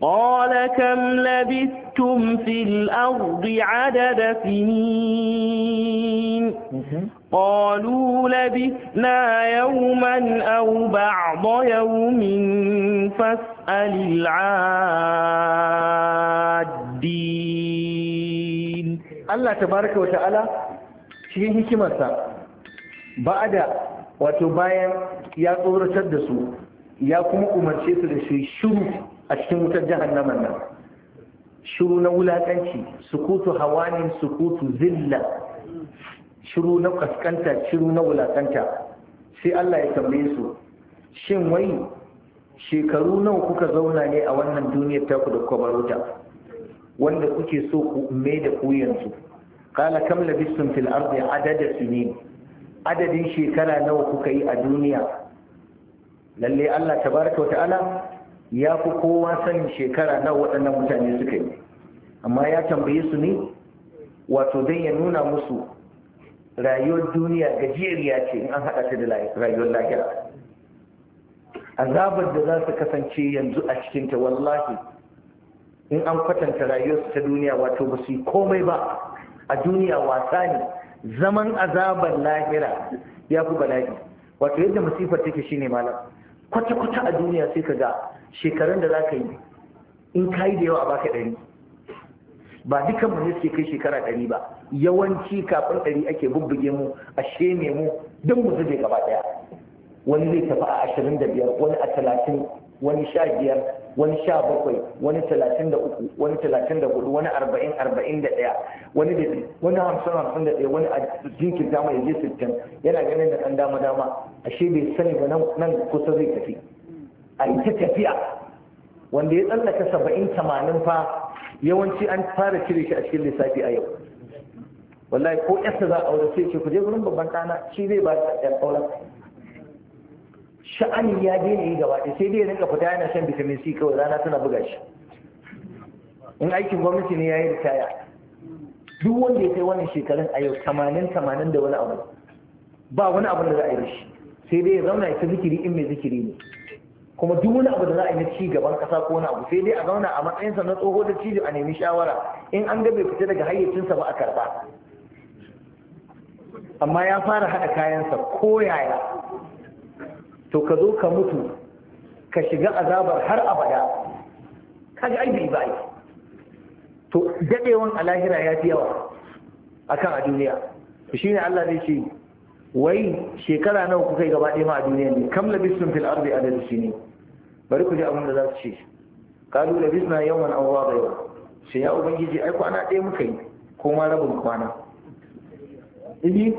قال كم لبثتم في الأرض عدد سنين قالوا لبثنا يوما أو بعض يوم فاسأل العادين الله تبارك وتعالى شيء كما ba بعد وتباين يا ya tsoratar يا su ya kuma umarce a cikin wutar jahannaman nan shiru na wulakanci sukutu hawanin sukutu zilla shiru na kaskanta shiru na wulakanta sai Allah ya tambaye su shin wai shekaru nawa kuka zauna ne a wannan duniyar ku da kuma wuta wanda kuke so ku mai da ku yanzu kala kam labistum fil ardi adada ne. adadin shekara nawa kuka yi a duniya lalle Allah tabaraka wa ta'ala ya fi kowa sanin shekara na waɗannan mutane suka yi amma ya tambaye su ne wato don ya nuna musu rayuwar duniya gajeriya ce in an haɗa ta da rayuwar lahira azabar da za su kasance yanzu a cikinta wallahi in an kwatanta rayuwarsu ta duniya wato ba su yi komai ba a duniya wasa ne zaman azabar lahira ya fi bala'i wato yadda masifar take shine malam kwata-kwata a duniya sai ka ga shekarun da za ka yi in ka yi da yawa a baka ɗari ba dukan mu ne suke kai shekara ɗari ba yawanci kafin ɗari ake bubbuge mu a mu don mu zube gaba ɗaya wani zai tafi a ashirin da biyar wani a talatin wani sha biyar wani sha bakwai wani talatin da uku wani talatin da hudu wani arba'in arba'in da ɗaya wani hamsin hamsin da ɗaya wani a jinkirta mai yaje sittin yana ganin da ɗan dama dama ashe bai sani ba nan kusa zai tafi a yi ta tafiya wanda ya tsallaka saba'in tamanin fa yawanci an fara cire shi a cikin lissafi a yau wallahi ko yarsa za a aure sai ce ku je gurin babban ɗana shi zai ba ta ɗan sha'anin ya daina yi gaba ɗaya sai dai ya rinka fita yana shan vitamin C kawai rana tana buga shi in aikin gwamnati ne ya yi ritaya duk wanda ya kai wannan shekarun a yau tamanin tamanin da wani abu ba wani abu da za a yi shi sai dai ya zauna ya zikiri in mai zikiri ne kuma duk wani abu da za a yi na ci gaban kasa ko wani abu sai dai a zauna a matsayinsa na tsoho da cijo a nemi shawara in an ga bai fita daga hayyacinsa ba a karba amma ya fara haɗa kayansa ko yaya to ka zo ka mutu ka shiga azabar har abada kaga ai bai bai to dadewan a lahira ya fi yawa akan a duniya to shine Allah zai ce wai shekara nawa kuka yi gaba ɗaya ma a duniya ne kam labistum fil ardi adad sinin bari ku ji abin da za su ce kalu labisna yawman aw ba'da sai ya ubangiji ai kwana ɗaya muka yi ko ma rabin kwana idi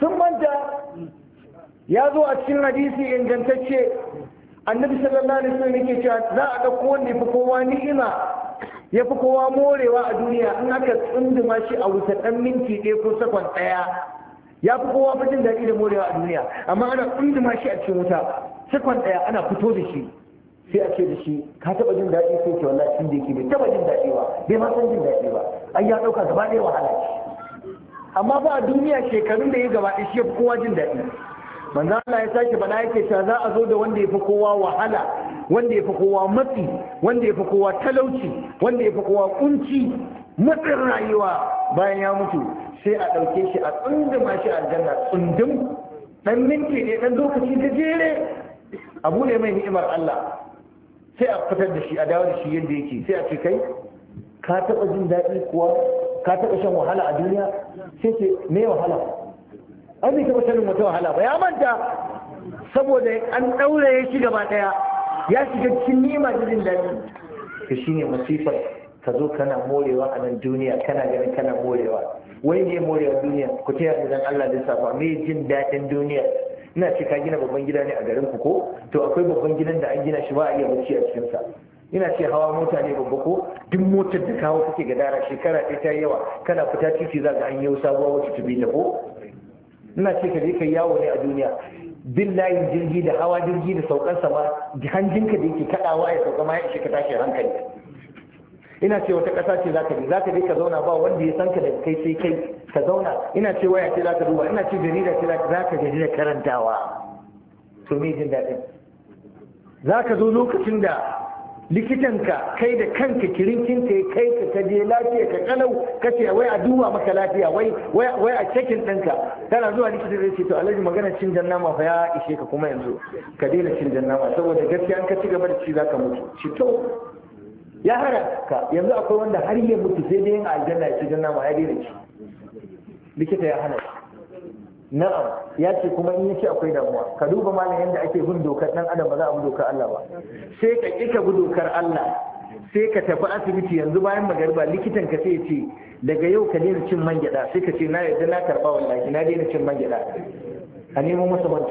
sun manta ya zo a cikin hadisi ingantacce annabi sallallahu alaihi wasallam yake cewa za a ɗauko wanda ya fi kowa ni'ima ya fi kowa morewa a duniya in aka tsunduma shi a wuta ɗan minti ɗaya ko sakon ɗaya ya fi kowa fi jin daɗi da morewa a duniya amma ana tsunduma shi a cikin wuta sakon ɗaya ana fito da shi sai a ce da shi ka taɓa jin daɗi sai ke wallahi tun da yake bai taɓa jin daɗi ba bai ma san jin daɗi ba ai ya ɗauka gaba ɗaya wahala ce amma ba a duniya shekarun da ya gaba ɗaya shi ya fi kowa jin daɗi manzo Allah ya sake bala yake cewa za a zo da wanda ya fi kowa wahala wanda ya fi kowa matsi wanda ya fi kowa talauci wanda ya fi kowa kunci matsin rayuwa bayan ya mutu sai a ɗauke shi a tsunduma shi aljanna tsundum dan minti ne dan lokaci jere a bude mai ni'imar Allah sai a fitar da shi a dawo da shi yadda yake sai a ce kai ka taɓa jin daɗi kuwa ka taɓa shan wahala a duniya sai ce me wahala an bai taɓa sanin wata wahala ba ya manta saboda an ɗaure ya shi gaba ɗaya ya shiga cikin nima da jin daɗi shi ne masifar ka zo kana morewa a nan duniya kana ganin kana morewa wai ne morewa duniya ku ta yi a Allah da safa me jin daɗin duniya ina ce ka gina babban gida ne a garin ku ko to akwai babban gidan da an gina shi ba a iya bacci a cikin sa ina ce hawa mota ne babba ko duk motar da kawo kake ga shekara ɗaya ta yawa kana fita titi za ka an yi sabuwa wacce ta bi ta ko ina ce ka je ka yawo ne a duniya bin layin jirgi da hawa jirgi da saukar sama hanjinka da yake kaɗawa ya sauka ma ya ishe ka tashi hankali ina ce wata ƙasa ce zaka je zaka je ka zauna ba wanda ya san ka da kai sai kai ka zauna ina ce waya ce zaka duba ina ce jarida ce zaka gaji da karantawa to me jin daɗin zaka zo lokacin da likitanka kai da kanka kirinkin ya kai ka kaje lafiya ka kalau ka ce wai a duba maka lafiya wai wai a cikin ɗinka tana zuwa likita zai ce to alhaji magana cin jan nama fa ya ishe ka kuma yanzu ka daina cin jan nama saboda gaskiya an ka ci gaba da ci zaka mutu ci to ya hara ka yanzu akwai wanda har ya mutu sai dai yin aljanna ya ci jan nama ya daina ci likita ya hana na'am ya ce kuma in yace akwai damuwa ka duba malam yadda ake bin dokar dan adam ba za a bi dokar Allah ba sai ka kika bi dokar Allah sai ka tafi asibiti yanzu bayan magariba likitan ka sai ce daga yau ka daina cin man gyada sai ka ce na yadda na karba wallahi na daina cin man gyada a neman masa man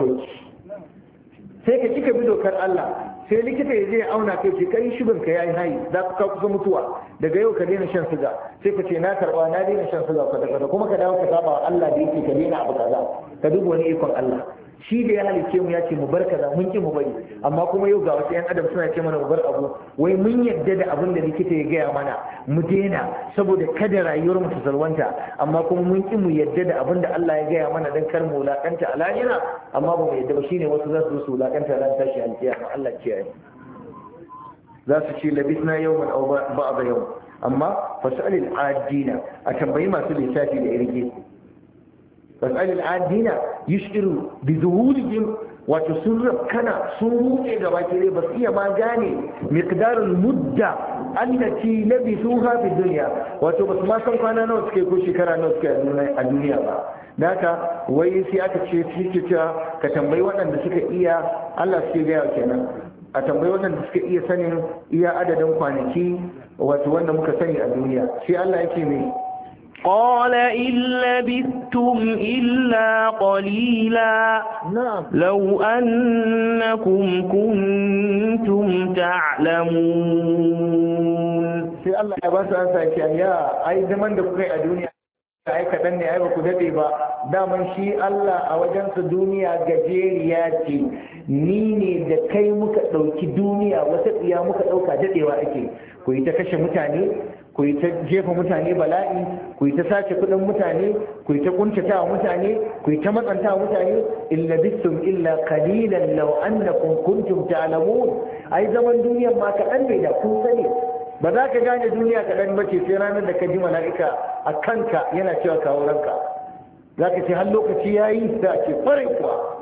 sai ka kika bi dokar Allah sai likita ya je ya auna kai ce kai shugan ka yayi hayi za ka kusa mutuwa daga yau ka daina shan siga sai ka ce na karba na daina shan siga kwata kwata kuma ka dawo ka saba wa Allah da yake ka daina abu kaza ka duba wani ikon Allah shi da ya halice mu ya ce mu bar kaza mun ki mu bari amma kuma yau ga wasu yan adam suna ce mana mu bar abu wai mun yadda da abin da likita ya gaya mana mu daina saboda kada rayuwar mu ta salwanta amma kuma mun ki mu yadda da abin da Allah ya gaya mana dan kar mu wulakanta a lahira amma ba mu yadda ba shine wasu za su wulakanta ran tashi alkiyama Allah kiyaye za su ce labisna yawman aw ba'da yawm amma fasalil adina a tambayi masu lissafi da irge fasalil adina yushiru bi zuhurihim wato sun rabkana sun huce da baki dai ba su iya ma gane miqdarul mudda allati labithuha fi Duniya. wato ba su ma san kwana nawa suke ko shekara nawa suke a duniya ba da haka wai sai aka ce suke cewa ka tambayi waɗanda suka iya Allah suke gaya kenan a tambayi waɗanda suka iya sanin iya adadin kwanaki wato wanda muka sani a duniya sai Allah yake mai قال إن لبثتم إلا قليلا لو أنكم كنتم تعلمون sai Allah ya ba su an sake ya ai zaman da kuka yi a duniya ai kaɗan ne ai ku daɗe ba daman shi Allah a wajensa duniya gajeriya ce ni ne da kai muka ɗauki duniya wata tsiya muka ɗauka daɗewa ake ku yi ta kashe mutane ku yi ta jefa mutane bala'i ku yi ta sace kudin mutane ku yi ta kuntata wa mutane ku yi ta matsanta wa mutane illa bistum illa qalilan law annakum kuntum ta'lamun ai zaman duniyar ma kaɗan bai da kun sani ba za ka gane duniya kaɗan ba ce sai ranar da ka ji mala'ika a kanka yana cewa kawo ranka za ka ce har lokaci ya yi za a ce kuwa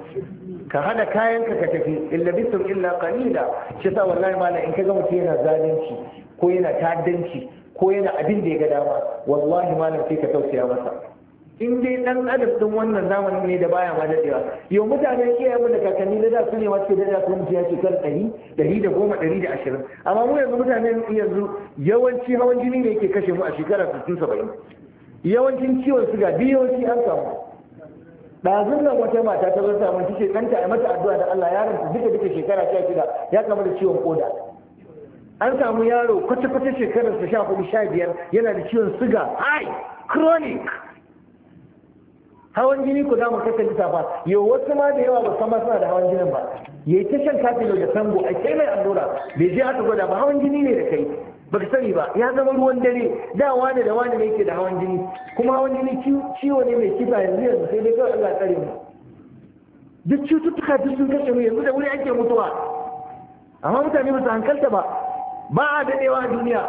ka hada kayanka ka tafi illa bistum illa qalila shi sa wallahi malam in ka ga mutum yana zalunci ko yana ta'addanci ko yana abin da ya ga dama wallahi malam sai ka tausaya masa in dai dan adam din wannan zamanin ne da baya ma dadewa yau mutane mutanen iyayenmu da kakanni da da su ne masu da su mu ya kan ɗari ɗari da goma ɗari da ashirin amma mu yanzu mutanen yanzu yawanci hawan jini ne yake kashe mu a shekara 60 saba'in yawancin ciwon suga duk yawanci an samu ɗazun nan wata mata ta zo samun cike ɗanta a mata addu'a da Allah yaron duka duka shekara sha ya kama da ciwon koda an samu yaro kwata-kwata shekarar sha sha biyar yana da ciwon siga high chronic hawan jini ku damu kasa lissafa yau wasu ma da yawa ba sama suna da hawan jinin ba ya yi ta shan kafin da sango a kai mai allura bai je aka gwada ba hawan jini ne da kai baka sani ba ya zama ruwan dare da wani da wani ne yake da hawan jini kuma hawan jini ciwo ne mai kifa yanzu yanzu sai dai kawai Allah tsare mu duk cututtuka duk sun kashe mu yanzu da wuri ake mutuwa amma mutane ba su hankalta ba ba a dadewa a duniya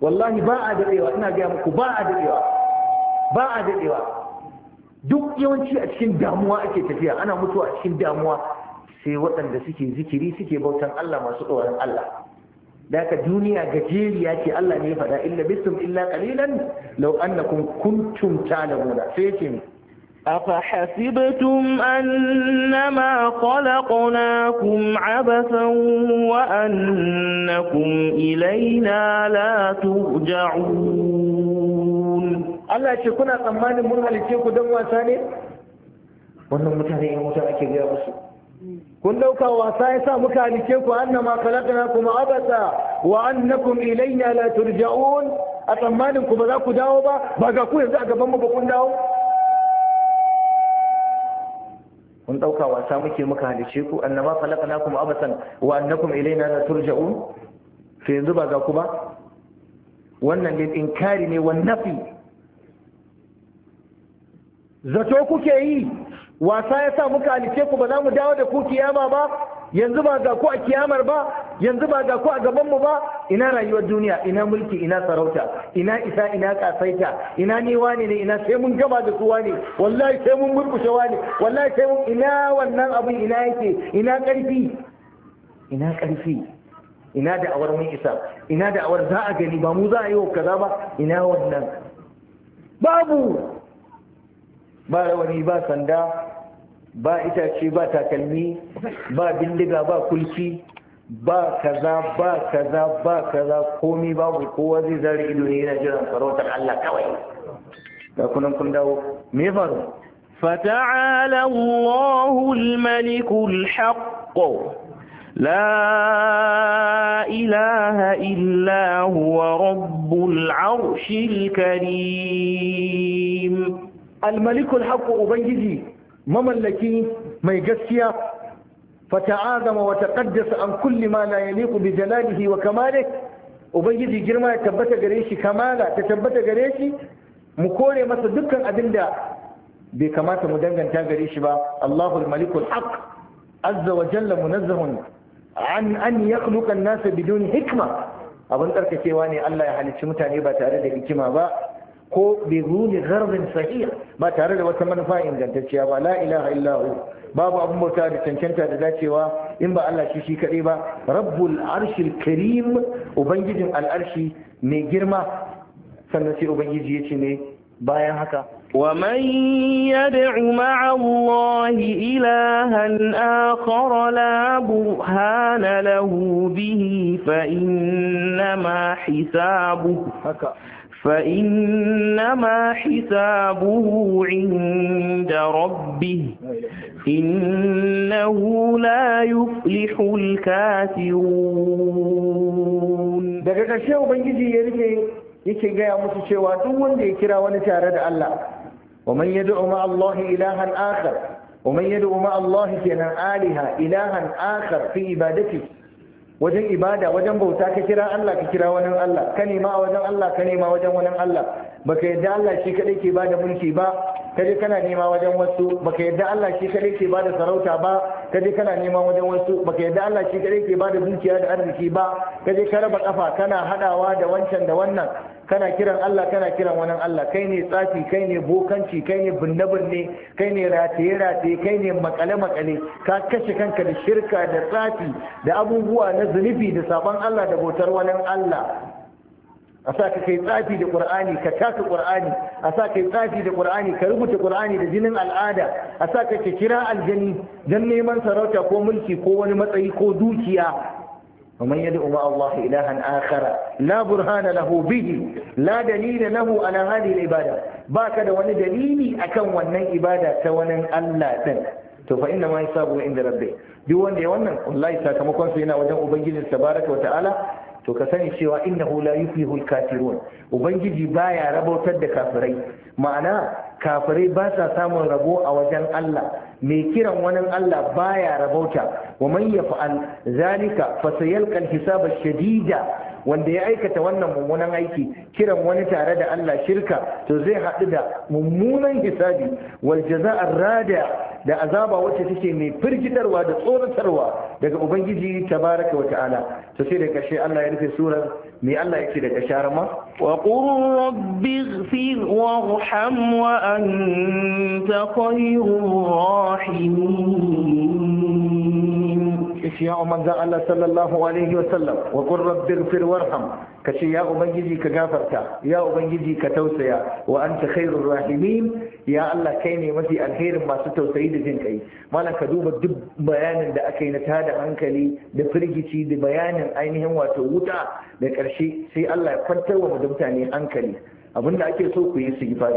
wallahi ba a dadewa ina gaya muku ba a dadewa ba a dadewa duk yawanci a cikin damuwa ake tafiya ana mutuwa a cikin damuwa sai waɗanda suke zikiri suke bautan Allah masu tsoron Allah da ka duniya gajeriya ce Allah ne ya faɗa illa bisum illa qalilan law annakum kuntum ta'lamuna sai ce أفحسبتم أنما خلقناكم عبثا وأنكم إلينا لا ترجعون Allah ce kuna tsammanin mun halice ku wasa ne? Wannan mutane ake gaya Kun ɗauka wasa ya sa muka halice ku annama khalaqna kuma abasa wa annakum ilayna la turja'un a tsammanin ku ba za ku dawo ba ba ga ku yanzu a gaban mu ba kun dawo kun dauka wasa muke muka halice ku annama khalaqnakum abasan wa annakum ilaina la turja'un sai yanzu ba ga ku ba wannan din inkari ne wa nafi zato kuke yi wasa yasa muka halice ku ba za mu dawo da ku kiyama ba yanzu ba ga ku a kiyamar ba yanzu ba ga ku a gabanmu ba ina rayuwar duniya ina mulki ina sarauta ina isa ina kasaita ina ni wane ne ina sai mun gaba da su wane wallahi sai mun murkushe wane wallahi sai mun ina wannan abin ina yake ina karfi ina karfi ina da awar mun isa ina da awar za a gani ba mu za a yi wa kaza ba ina wannan babu ba rawani ba sanda ba itace ba takalmi ba bindiga ba kulki ba kaza ba kaza ba kaza komi babu kowa zai zare ido ne yana jiran farautar Allah kawai ga kunan kun dawo me faru fata'ala Allahu al-malik al-haqq لا إله إلا هو رب العرش الكريم الملك الحق أبنجي mamallaki mai gaskiya fata'azama wa taqaddasa an kulli ma la yaliqu bi jalalihi wa kamalihi ubangiji girma ya tabbata gare shi kamala ta tabbata gare shi mu kore masa dukkan abin da bai kamata mu danganta gare shi ba Allahul malikul haq azza wa jalla munazzahun an an yakhluqa an-nasa bidun hikma abin tsarkakewa ne Allah ya halicci mutane ba tare da hikima ba ko bi zuli gharzin ba tare da wata manufa ingantacciya ba la ilaha illahu babu abun bauta da cancanta da dacewa in ba Allah shi shi kadai ba rabbul arshil karim ubangijin al'arshi mai girma sannan sai ubangiji yace ne bayan haka ومن يدع مع الله إلها آخر لا برهان له به فإنما حسابه فإنما حسابه عند ربه إنه لا يفلح الكافرون daga ƙarshe ubangiji ya rike yake gaya musu cewa duk wanda ya kira wani tare da Allah wa man yad'u ma Allah ilahan akhar wa man yad'u aliha ilahan akhar fi ibadatihi wajen ibada wajen bauta ka kira Allah ka kira wani Allah ka nema a wajen Allah ka nema wajen wani Allah baka yadda Allah shi kadai ke bada mulki ba kaje kana nema wajen wasu baka yadda Allah shi kadai ke bada sarauta ba kaje kana nema wajen wasu baka yadda Allah shi kadai ke bada dukiya da arziki ba kaje ka raba kafa kana hadawa da wancan da wannan kana kiran Allah kana kiran wannan Allah kai ne tsafi kai ne bokanci kai ne binne-binne kai ne rataye-rataye kai ne makale-makale ka kashe kanka da shirka da tsafi da abubuwa na zunubi da sabon Allah da bautar wannan Allah a sa ka kai tsafi da ƙur'ani ka taka ƙur'ani a sa kai tsafi da ƙur'ani ka rubuta ƙur'ani da jinin al'ada a sa ka kira aljani don neman sarauta ko mulki ko wani matsayi ko dukiya ومن allah مع الله إلها آخر لا برهان له به لا دليل له على ibada العبادة باك ده وني دليلي wannan ibada ta wani Allah تن to fa inna ma yasabu inda rabbi duk wanda ya wannan wallahi sakamakon sa yana wajen ubangijin tabaraka wa ta'ala to ka sani cewa innahu la yuflihu al-kafirun ubangiji baya rabautar da kafirai ma'ana kafirai ba sa samun rabo a wajen Allah mai kiran wani Allah baya rabauta wa man yaf'al zalika fasayalqa al-hisaba shadida wanda ya aikata wannan mummunan aiki kiran wani tare da Allah shirka to zai haɗu da mummunan hisabi wal jaza'ar rada da azaba wacce take mai firgitarwa da tsoratarwa daga ubangiji tabaraka wa ta'ala to sai da ƙarshe Allah ya rufe surar me Allah yake daga sharama wa qur rabbi ighfir warham wa anta khayrur rahimin ce ya manzan Allah sallallahu alaihi wa sallam wa qur rabbir warham ka ce ya ubangiji ka gafarta ya ubangiji ka tausaya wa anta rahimin ya Allah kai ne mafi alherin masu tausayi da jin kai malam ka duba duk bayanin da aka yi na tada hankali da firgici da bayanin ainihin wato wuta da ƙarshe sai Allah ya kwantar wa mutane hankali abinda ake so ku yi su gifari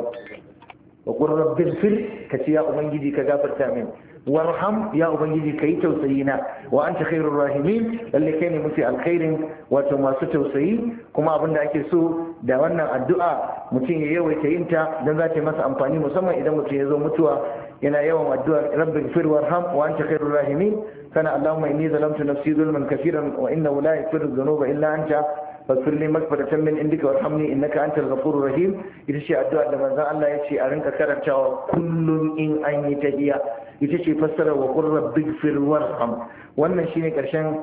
wa fir ka ce ya ubangiji ka gafarta min warham ya ubangiji yi tausayi na wa anta khairur rahimin lalle kai ne mafi alkhairin wato masu tausayi kuma abin da ake so da wannan addu'a mutum ya yawaita yin ta dan za ta masa amfani musamman idan mutum ya zo mutuwa yana yawan addu'a rabbin ighfir warham wa anta khairur rahimin kana allahumma inni zalamtu nafsi zulman kaseeran wa innahu la yaghfiru dhunuba illa anta فاغفر لي مغفرة من عندك وارحمني انك انت الغفور rahim ita ce addu'a da manzon Allah ya ce a rinka karantawa kullum in an yi iya. ita ce fassara wa Big Firwar warham wannan shine karshen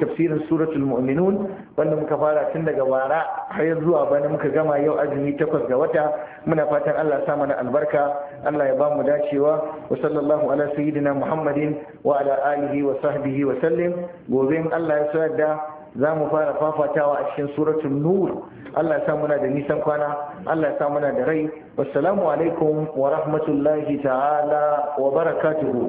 tafsirin suratul mu'minun wanda muka fara tun daga bara har zuwa bana muka gama yau azumi takwas ga wata muna fatan Allah ya sa mana albarka Allah ya bamu dacewa wa sallallahu ala sayyidina muhammadin wa ala alihi wa sahbihi wa sallim gobe Allah ya sa da za mu fara fafatawa a cikin suratul nur Allah ya sa muna da nisan kwana Allah ya sa muna da rai wassalamu alaikum wa rahmatullahi ta'ala wa barakatuhu